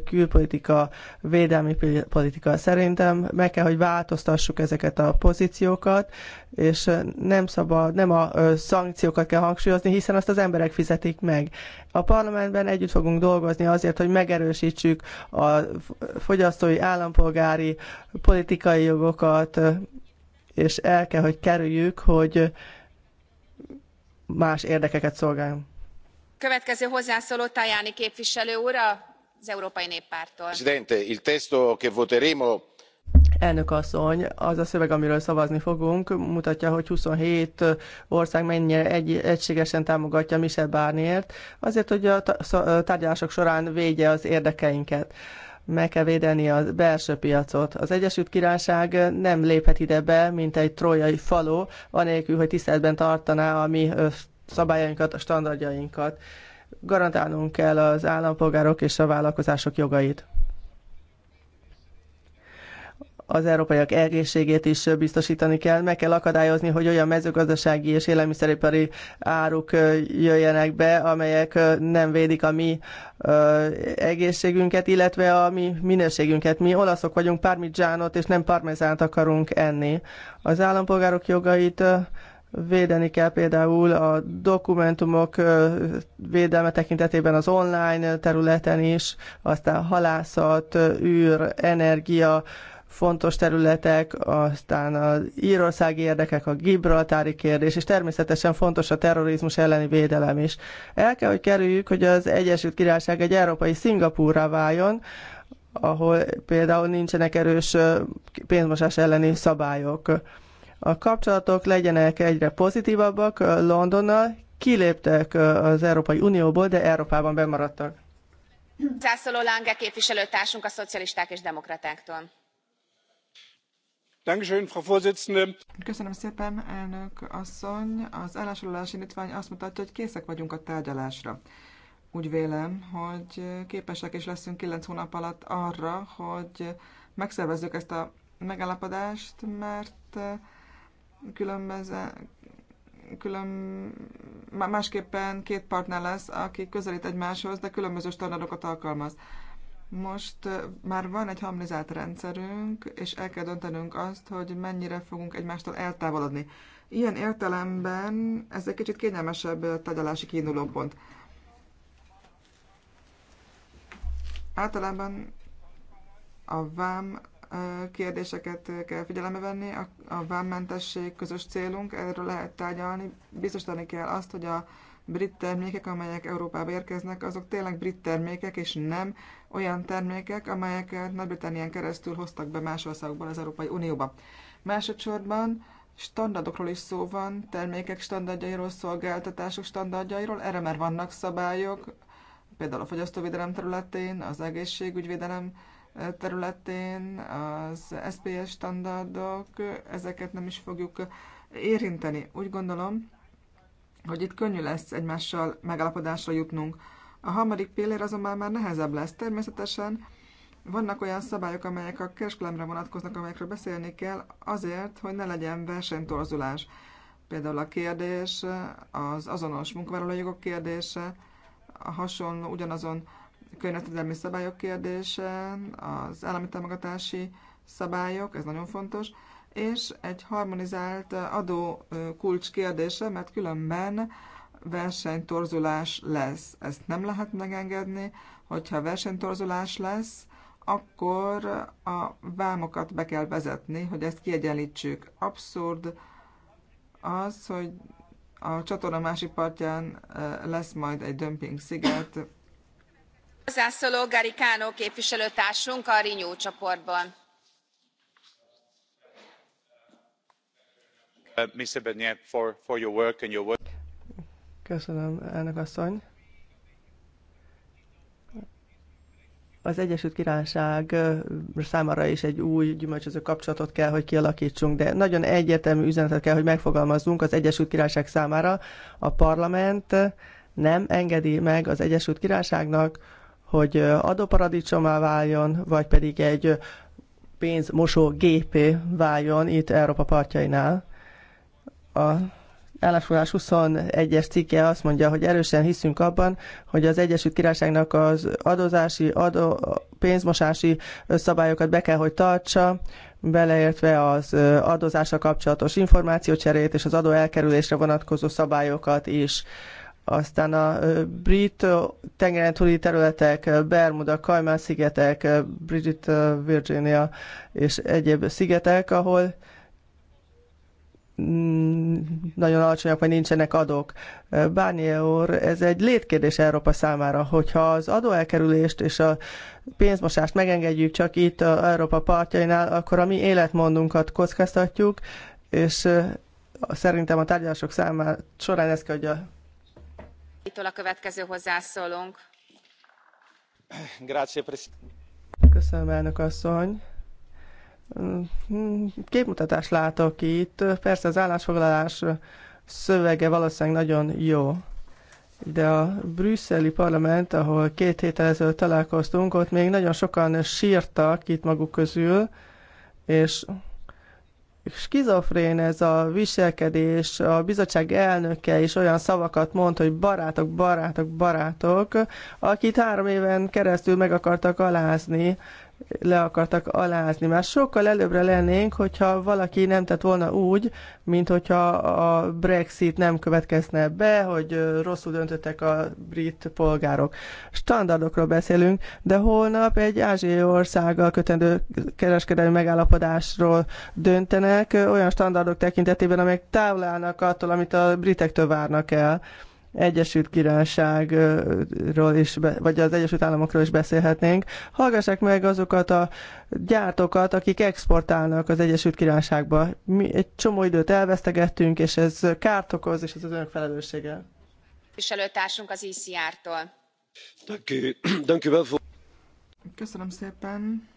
külpolitika, védelmi politika. Szerintem meg kell, hogy változtassuk ezeket a pozíciókat, és nem szabad, nem a szankciókat kell hangsúlyozni, hiszen azt az emberek fizetik meg. A parlamentben együtt fogunk dolgozni azért, hogy megerősítsük a fogyasztói, állampolgári, politikai jogokat, és el kell, hogy kerüljük, hogy más érdekeket szolgáljunk presidente il testo che voteremo. elnök asszony az a szöveg amiről szavazni fogunk mutatja hogy twenty seven ország mennyire egy, egységesen támogatja michel barniert azért hogy a tárgyalások során védje az érdekeinket meg kell védeni a belső piacot. Az Egyesült Királyság nem léphet ide be, mint egy trójai falu, anélkül, hogy tiszteletben tartaná a mi szabályainkat, a standardjainkat. Garantálnunk kell az állampolgárok és a vállalkozások jogait az európaiak egészségét is biztosítani kell. Meg kell akadályozni, hogy olyan mezőgazdasági és élelmiszeripari áruk jöjjenek be, amelyek nem védik a mi egészségünket, illetve a mi minőségünket. Mi olaszok vagyunk, parmigianot és nem parmezánt akarunk enni. Az állampolgárok jogait Védeni kell például a dokumentumok védelme tekintetében az online területen is, aztán halászat, űr, energia, fontos területek, aztán az írországi érdekek, a gibraltári kérdés, és természetesen fontos a terrorizmus elleni védelem is. El kell, hogy kerüljük, hogy az Egyesült Királyság egy európai Szingapúrra váljon, ahol például nincsenek erős pénzmosás elleni szabályok. A kapcsolatok legyenek egyre pozitívabbak Londonnal, kiléptek az Európai Unióból, de Európában bemaradtak. Zászoló Lange képviselőtársunk a szocialisták és demokratáktól. Köszönöm szépen, elnök asszony. Az állásolási indítvány azt mutatja, hogy készek vagyunk a tárgyalásra. Úgy vélem, hogy képesek is leszünk kilenc hónap alatt arra, hogy megszervezzük ezt a megállapodást, mert különböző, külön, másképpen két partner lesz, aki közelít egymáshoz, de különböző standardokat alkalmaz. Most már van egy harmonizált rendszerünk, és el kell döntenünk azt, hogy mennyire fogunk egymástól eltávolodni. Ilyen értelemben ez egy kicsit kényelmesebb tagyalási kiindulópont. Általában a vám kérdéseket kell figyelembe venni, a, a vámmentesség közös célunk, erről lehet tárgyalni, biztosítani kell azt, hogy a brit termékek, amelyek Európába érkeznek, azok tényleg brit termékek, és nem olyan termékek, amelyeket Nagy-Britannián keresztül hoztak be más országokból az Európai Unióba. Másodszorban standardokról is szó van, termékek standardjairól, szolgáltatások standardjairól, erre már vannak szabályok, például a fogyasztóvédelem területén, az egészségügyvédelem területén, az SPS standardok, ezeket nem is fogjuk érinteni. Úgy gondolom, hogy itt könnyű lesz egymással megállapodásra jutnunk. A harmadik pillér azonban már nehezebb lesz. Természetesen vannak olyan szabályok, amelyek a kereskedelemre vonatkoznak, amelyekről beszélni kell azért, hogy ne legyen versenytorzulás. Például a kérdés, az azonos munkavállalói jogok kérdése, a hasonló, ugyanazon környezetvédelmi szabályok kérdése, az állami támogatási szabályok, ez nagyon fontos, és egy harmonizált adó kulcs kérdése, mert különben versenytorzulás lesz. Ezt nem lehet megengedni, hogyha versenytorzulás lesz, akkor a vámokat be kell vezetni, hogy ezt kiegyenlítsük. Abszurd az, hogy a csatorna másik partján lesz majd egy dömping sziget, hozzászóló garicano képviselőtársunk a uh, your csoportból. köszönöm elnök asszony! az Egyesült Királyság uh, számára is egy új gyümölcsöző kapcsolatot kell, hogy kialakítsunk, de nagyon egyértelmű üzenetet kell, hogy megfogalmazzunk az Egyesült Királyság számára. A parlament nem engedi meg az Egyesült Királyságnak, hogy adóparadicsomá váljon, vagy pedig egy pénzmosó gépé váljon itt Európa partjainál. A állásfoglalás 21-es cikke azt mondja, hogy erősen hiszünk abban, hogy az Egyesült Királyságnak az adózási, adó, pénzmosási szabályokat be kell, hogy tartsa, beleértve az adózásra kapcsolatos információcserét és az adó elkerülésre vonatkozó szabályokat is. Aztán a brit tengeren túli területek, Bermuda, Kajmán-szigetek, Bridget, Virginia és egyéb szigetek, ahol mm, nagyon alacsonyak, vagy nincsenek adók. Barnier úr, ez egy létkérdés Európa számára, hogyha az adóelkerülést és a pénzmosást megengedjük csak itt a Európa partjainál, akkor a mi életmondunkat kockáztatjuk, és szerintem a tárgyalások számára során ez kell, hogy a Köszönöm, elnök asszony. Képmutatást látok itt. Persze az állásfoglalás szövege valószínűleg nagyon jó. De a brüsszeli parlament, ahol két héttel ezelőtt találkoztunk, ott még nagyon sokan sírtak itt maguk közül, és skizofrén ez a viselkedés, a bizottság elnöke is olyan szavakat mond, hogy barátok, barátok, barátok, akit három éven keresztül meg akartak alázni, le akartak alázni. Már sokkal előbbre lennénk, hogyha valaki nem tett volna úgy, mint hogyha a Brexit nem következne be, hogy rosszul döntöttek a brit polgárok. Standardokról beszélünk, de holnap egy ázsiai országgal kötendő kereskedelmi megállapodásról döntenek, olyan standardok tekintetében, amelyek távol állnak attól, amit a britektől várnak el. Egyesült Királyságról is, vagy az Egyesült Államokról is beszélhetnénk. Hallgassák meg azokat a gyártókat, akik exportálnak az Egyesült Királyságba. Mi egy csomó időt elvesztegettünk, és ez kárt okoz, és ez az önök felelőssége. Képviselőtársunk az ICR-tól. E Köszönöm szépen,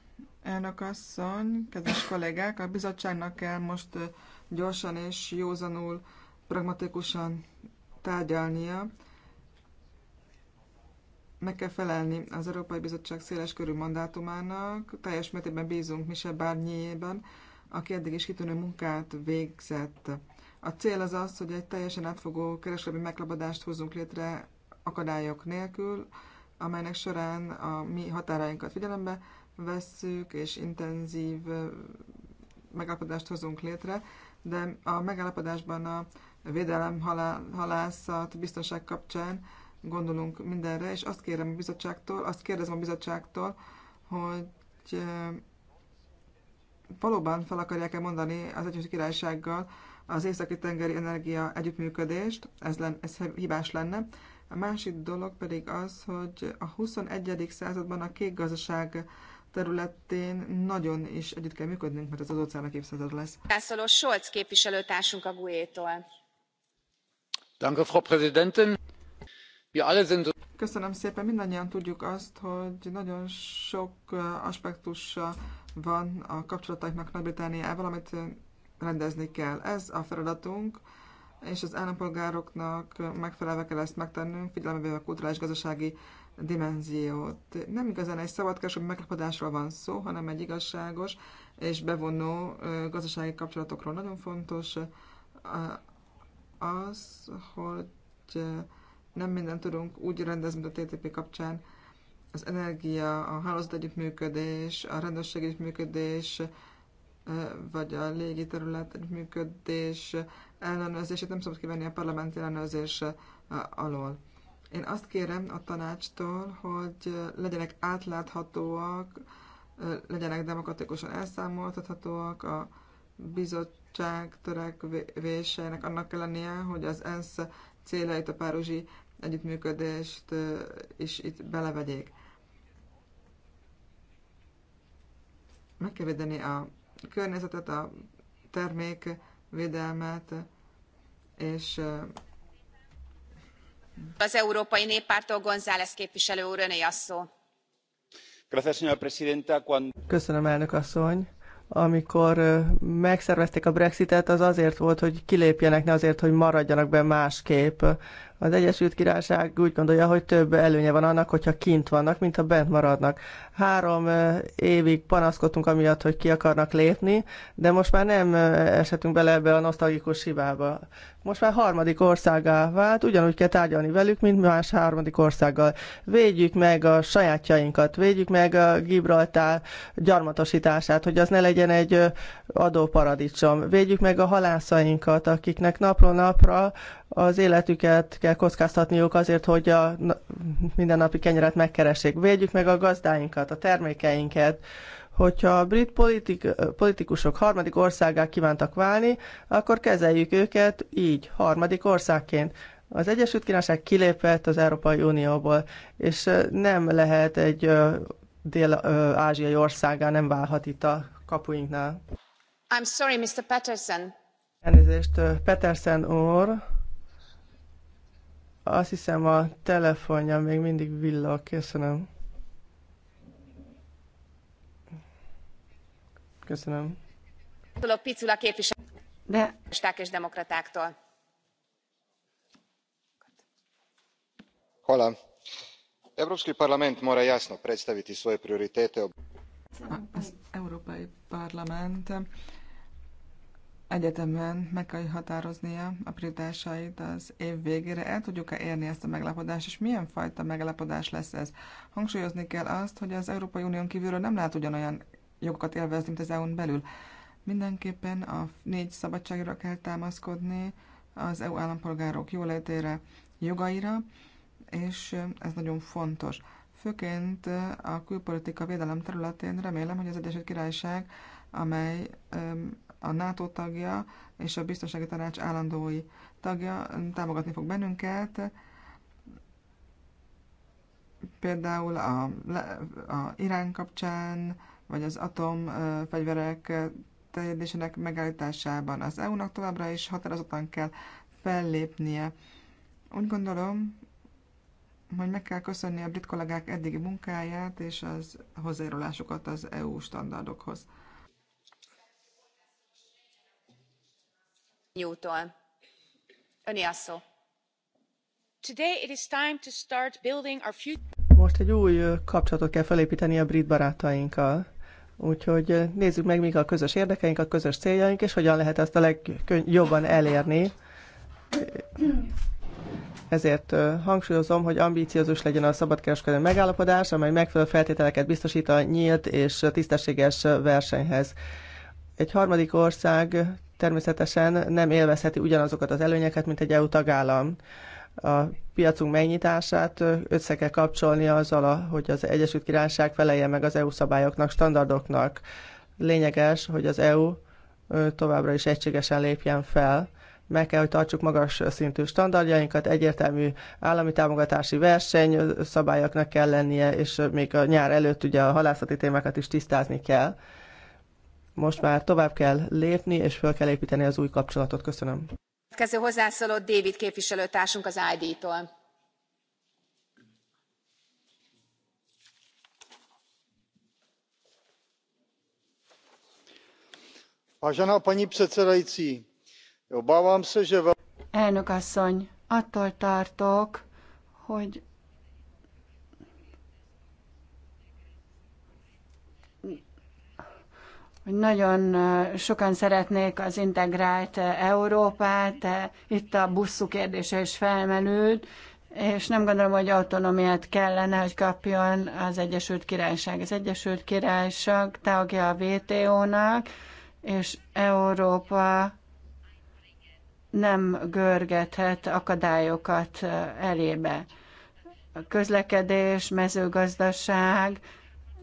elnök asszony, kedves kollégák! A bizottságnak kell most gyorsan és józanul, pragmatikusan tárgyalnia, meg kell felelni az Európai Bizottság széles körű mandátumának. Teljes mértékben bízunk Michel Barnier-ben, aki eddig is kitűnő munkát végzett. A cél az az, hogy egy teljesen átfogó kereskedelmi meglabadást hozzunk létre akadályok nélkül, amelynek során a mi határainkat figyelembe vesszük, és intenzív megállapodást hozunk létre, de a megállapodásban a védelem, halászat, biztonság kapcsán gondolunk mindenre, és azt kérem a bizottságtól, azt kérdezem a bizottságtól, hogy valóban fel akarják-e mondani az Egyesült Királysággal az északi tengeri energia együttműködést, ez, len, ez hibás lenne. A másik dolog pedig az, hogy a 21. században a kék gazdaság területén nagyon is együtt kell működnünk, mert ez az óceánok évszázad lesz. Rászoló Solc képviselőtársunk a GUE-tól Köszönöm szépen. Mindannyian tudjuk azt, hogy nagyon sok aspektusa van a kapcsolatainknak nagy britanniával amit rendezni kell. Ez a feladatunk, és az állampolgároknak megfelelve kell ezt megtennünk, figyelembe véve a kulturális gazdasági dimenziót. Nem igazán egy hogy meglepadásról van szó, hanem egy igazságos és bevonó gazdasági kapcsolatokról. Nagyon fontos az, hogy nem mindent tudunk úgy rendezni, mint a TTP kapcsán. Az energia, a hálózat együttműködés, a rendőrség együttműködés, vagy a terület együttműködés ellenőrzését nem szabad kivenni a parlamenti ellenőrzés alól. Én azt kérem a tanácstól, hogy legyenek átláthatóak, legyenek demokratikusan elszámoltathatóak, a bizottság bizottság törekvéseinek annak ellenére, hogy az ENSZ céljait, a párizsi együttműködést is itt belevegyék. Meg kell védeni a környezetet, a termékvédelmet, és az Európai Néppártól González képviselő úr, öné a szó. Köszönöm, elnök asszony amikor megszervezték a Brexitet, az azért volt, hogy kilépjenek, ne azért, hogy maradjanak be másképp. Az Egyesült Királyság úgy gondolja, hogy több előnye van annak, hogyha kint vannak, mint ha bent maradnak. Három évig panaszkodtunk amiatt, hogy ki akarnak lépni, de most már nem eshetünk bele ebbe a nosztalgikus hibába most már harmadik országá vált, ugyanúgy kell tárgyalni velük, mint más harmadik országgal. Védjük meg a sajátjainkat, védjük meg a Gibraltár gyarmatosítását, hogy az ne legyen egy adóparadicsom. Védjük meg a halászainkat, akiknek napról napra az életüket kell kockáztatniuk azért, hogy a mindennapi kenyeret megkeressék. Védjük meg a gazdáinkat, a termékeinket, Hogyha a brit politik, politikusok harmadik országá kívántak válni, akkor kezeljük őket így, harmadik országként. Az Egyesült Királyság kilépett az Európai Unióból, és nem lehet egy dél-ázsiai országá, nem válhat itt a kapuinknál. I'm sorry, Mr. Patterson. Elnézést, Peterson úr. Azt hiszem a telefonja még mindig villog, köszönöm. Köszönöm. Picula képviselő, és demokratáktól. Hvala. parlament mora jasno predstaviti svoje prioritete. Az Európai Parlament egyetemben meg kell határoznia a prioritásait az év végére. El tudjuk-e érni ezt a meglepodást, és milyen fajta meglepodás lesz ez? Hangsúlyozni kell azt, hogy az Európai Unión kívülről nem lehet ugyanolyan jogokat élvezni, mint az EU-n belül. Mindenképpen a négy szabadságra kell támaszkodni, az EU állampolgárok jólétére, jogaira, és ez nagyon fontos. Főként a külpolitika védelem területén remélem, hogy az Egyesült Királyság, amely a NATO tagja és a Biztonsági Tanács állandói tagja támogatni fog bennünket, például a, a Irán kapcsán, vagy az atomfegyverek terjedésének megállításában. Az EU-nak továbbra is határozottan kell fellépnie. Úgy gondolom, hogy meg kell köszönni a brit kollégák eddigi munkáját és az hozzájárulásukat az EU standardokhoz. Newton. Öni a szó. Today it is time to start building our future. Most egy új kapcsolatot kell felépíteni a brit barátainkkal. Úgyhogy nézzük meg, mik a közös érdekeink, a közös céljaink, és hogyan lehet ezt a legjobban elérni. Ezért hangsúlyozom, hogy ambíciózus legyen a szabadkereskedelmi megállapodás, amely megfelelő feltételeket biztosít a nyílt és tisztességes versenyhez. Egy harmadik ország természetesen nem élvezheti ugyanazokat az előnyeket, mint egy EU tagállam a piacunk megnyitását össze kell kapcsolni azzal, hogy az Egyesült Királyság felelje meg az EU szabályoknak, standardoknak. Lényeges, hogy az EU továbbra is egységesen lépjen fel. Meg kell, hogy tartsuk magas szintű standardjainkat, egyértelmű állami támogatási verseny szabályoknak kell lennie, és még a nyár előtt ugye a halászati témákat is tisztázni kell. Most már tovább kell lépni, és fel kell építeni az új kapcsolatot. Köszönöm következő hozzászóló david képviselőtársunk az id tól. paní předsedající elnök asszony attól tartok hogy hogy nagyon sokan szeretnék az integrált Európát, itt a buszú kérdése is felmerült, és nem gondolom, hogy autonómiát kellene, hogy kapjon az Egyesült Királyság. Az Egyesült Királyság tagja a WTO-nak, és Európa nem görgethet akadályokat elébe. A közlekedés, mezőgazdaság,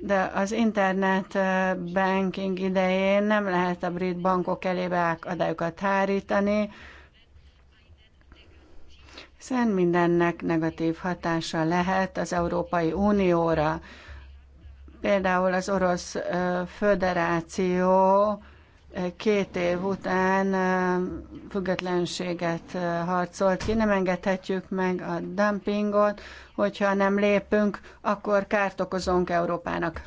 de az internet banking idején nem lehet a brit bankok elébe akadályokat hárítani, hiszen mindennek negatív hatása lehet az Európai Unióra. Például az Orosz Föderáció két év után függetlenséget harcolt ki. Nem engedhetjük meg a dumpingot, hogyha nem lépünk, akkor kárt okozunk Európának.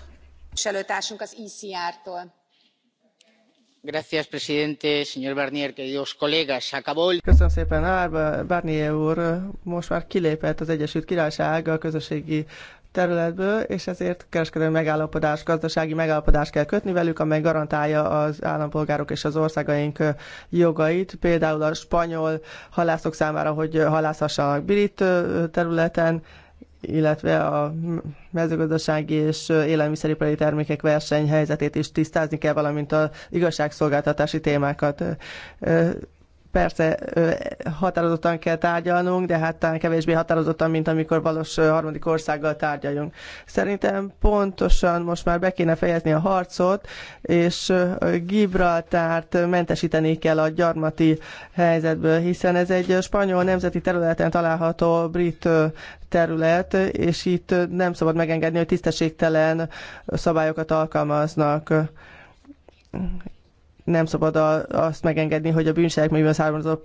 Képviselőtársunk az ICR-tól. E Gracias, presidente, señor Barnier, queridos colegas. Acabó. Köszönöm szépen, Barnier úr. Most már kilépett az Egyesült Királyság a közösségi területből, és ezért kereskedelmi megállapodás, gazdasági megállapodás kell kötni velük, amely garantálja az állampolgárok és az országaink jogait, például a spanyol halászok számára, hogy halászhassanak Birit területen, illetve a mezőgazdasági és élelmiszeripari termékek versenyhelyzetét is tisztázni kell, valamint az igazságszolgáltatási témákat. Persze határozottan kell tárgyalnunk, de hát talán kevésbé határozottan, mint amikor valós harmadik országgal tárgyaljunk. Szerintem pontosan most már be kéne fejezni a harcot, és Gibraltárt mentesíteni kell a gyarmati helyzetből, hiszen ez egy spanyol nemzeti területen található brit terület, és itt nem szabad megengedni, hogy tisztességtelen szabályokat alkalmaznak nem szabad a, azt megengedni, hogy a bűncselekményből származó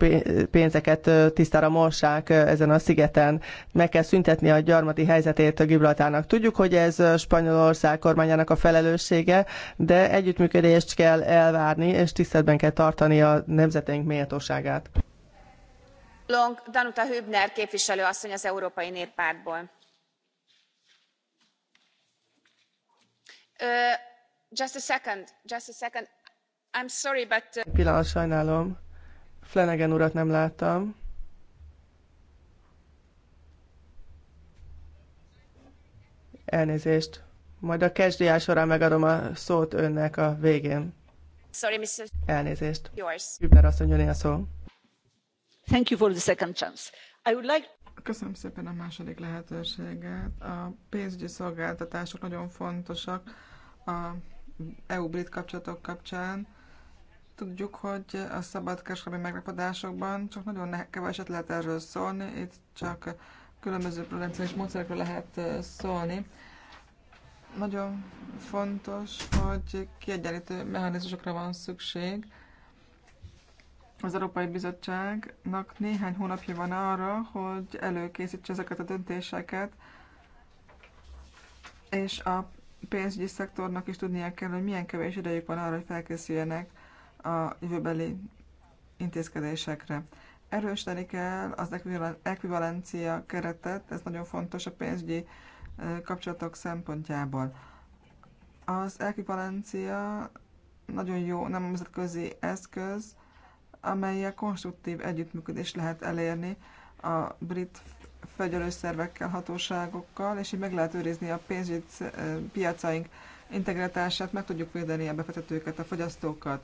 pénzeket tisztára mossák ezen a szigeten. Meg kell szüntetni a gyarmati helyzetét a Gibraltárnak. Tudjuk, hogy ez Spanyolország kormányának a felelőssége, de együttműködést kell elvárni, és tiszteletben kell tartani a nemzeteink méltóságát. Long Danuta Hübner képviselő asszony az Európai Néppártból. Ö, just a second, just a second Uh, Egy pillanat, sajnálom. Flanagan urat nem láttam. Elnézést. Majd a kezdiás során megadom a szót önnek a végén. Sorry, Mrs. Elnézést. Yours. Hübner asszony, jön a szó. Thank you for the second chance. I would like... Köszönöm szépen a második lehetőséget. A pénzügyi szolgáltatások nagyon fontosak a EU-brit kapcsolatok kapcsán. Tudjuk, hogy a szabadkereskedelmi megrapadásokban csak nagyon keveset lehet erről szólni, itt csak különböző prevenciós módszerekről lehet szólni. Nagyon fontos, hogy kiegyenlítő mechanizmusokra van szükség. Az Európai Bizottságnak néhány hónapja van arra, hogy előkészítse ezeket a döntéseket, és a pénzügyi szektornak is tudnia kell, hogy milyen kevés idejük van arra, hogy felkészüljenek a jövőbeli intézkedésekre. Erősíteni kell az ekvivalencia keretet, ez nagyon fontos a pénzügyi kapcsolatok szempontjából. Az ekvivalencia nagyon jó nemzetközi eszköz, amelyel konstruktív együttműködést lehet elérni a brit fegyelőszervekkel, hatóságokkal, és így meg lehet őrizni a pénzügyi piacaink integritását, meg tudjuk védeni a befektetőket, a fogyasztókat.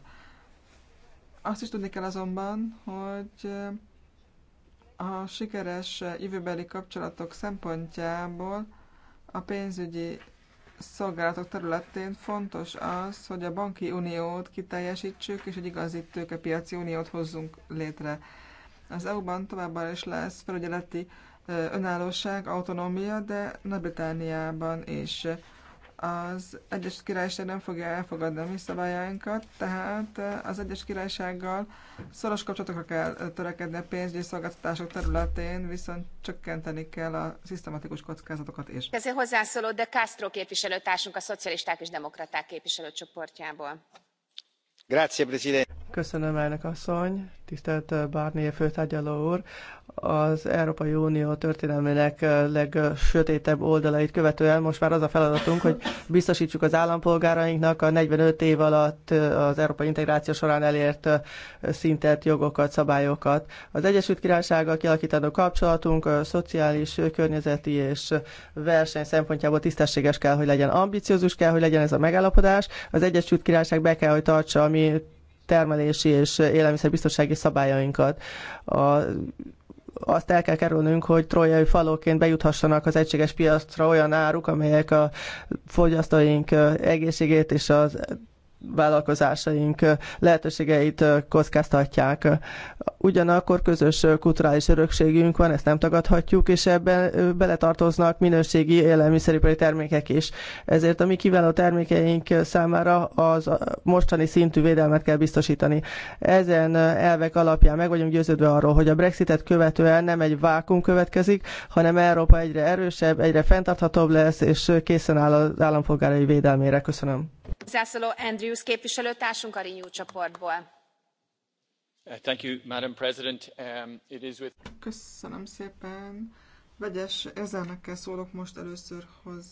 Azt is tudni kell azonban, hogy eh, a sikeres eh, jövőbeli kapcsolatok szempontjából a pénzügyi szolgálatok területén fontos az, hogy a banki uniót kiteljesítsük, és egy igazi tőkepiaci uniót hozzunk létre. Az EU-ban továbbá is lesz felügyeleti eh, önállóság, autonómia, de Nagy-Britániában is az Egyes Királyság nem fogja elfogadni a mi szabályainkat, tehát eh, az Egyes Királysággal szoros kapcsolatokra kell eh, törekedni a pénzügyi szolgáltatások területén, viszont csökkenteni kell a szisztematikus kockázatokat is. Ezért hozzászóló de Castro képviselőtársunk a Szocialisták és Demokraták képviselőcsoportjából. Grazie, Köszönöm, elnök asszony tisztelt eh, Barnier főtárgyaló úr, az Európai Unió történelmének eh, legsötétebb oldalait követően most már az a feladatunk, hogy biztosítsuk az állampolgárainknak a 45 év alatt eh, az európai integráció során elért szintet, jogokat, szabályokat. Az Egyesült Királysággal kialakítandó kapcsolatunk a szociális, környezeti és verseny szempontjából tisztességes kell, hogy legyen. Ambiciózus kell, hogy legyen ez a megállapodás. Az Egyesült Királyság be kell, hogy tartsa a mi termelési és élelmiszerbiztonsági szabályainkat. A azt el kell kerülnünk, hogy trójai falóként bejuthassanak az egységes piacra olyan áruk, amelyek a fogyasztóink egészségét és az vállalkozásaink lehetőségeit kockáztatják. Ugyanakkor közös kulturális örökségünk van, ezt nem tagadhatjuk, és ebben beletartoznak minőségi élelmiszeripari termékek is. Ezért a mi kiváló termékeink számára az mostani szintű védelmet kell biztosítani. Ezen elvek alapján meg vagyunk győződve arról, hogy a Brexitet követően nem egy vákum következik, hanem Európa egyre erősebb, egyre fenntarthatóbb lesz, és készen áll az állampolgárai védelmére. Köszönöm. Zászló Andrew hughes képviselőtársunk a renew csoportból. Uh, um, köszönöm szépen vegyes érzelmekkel szólok most először hozzá.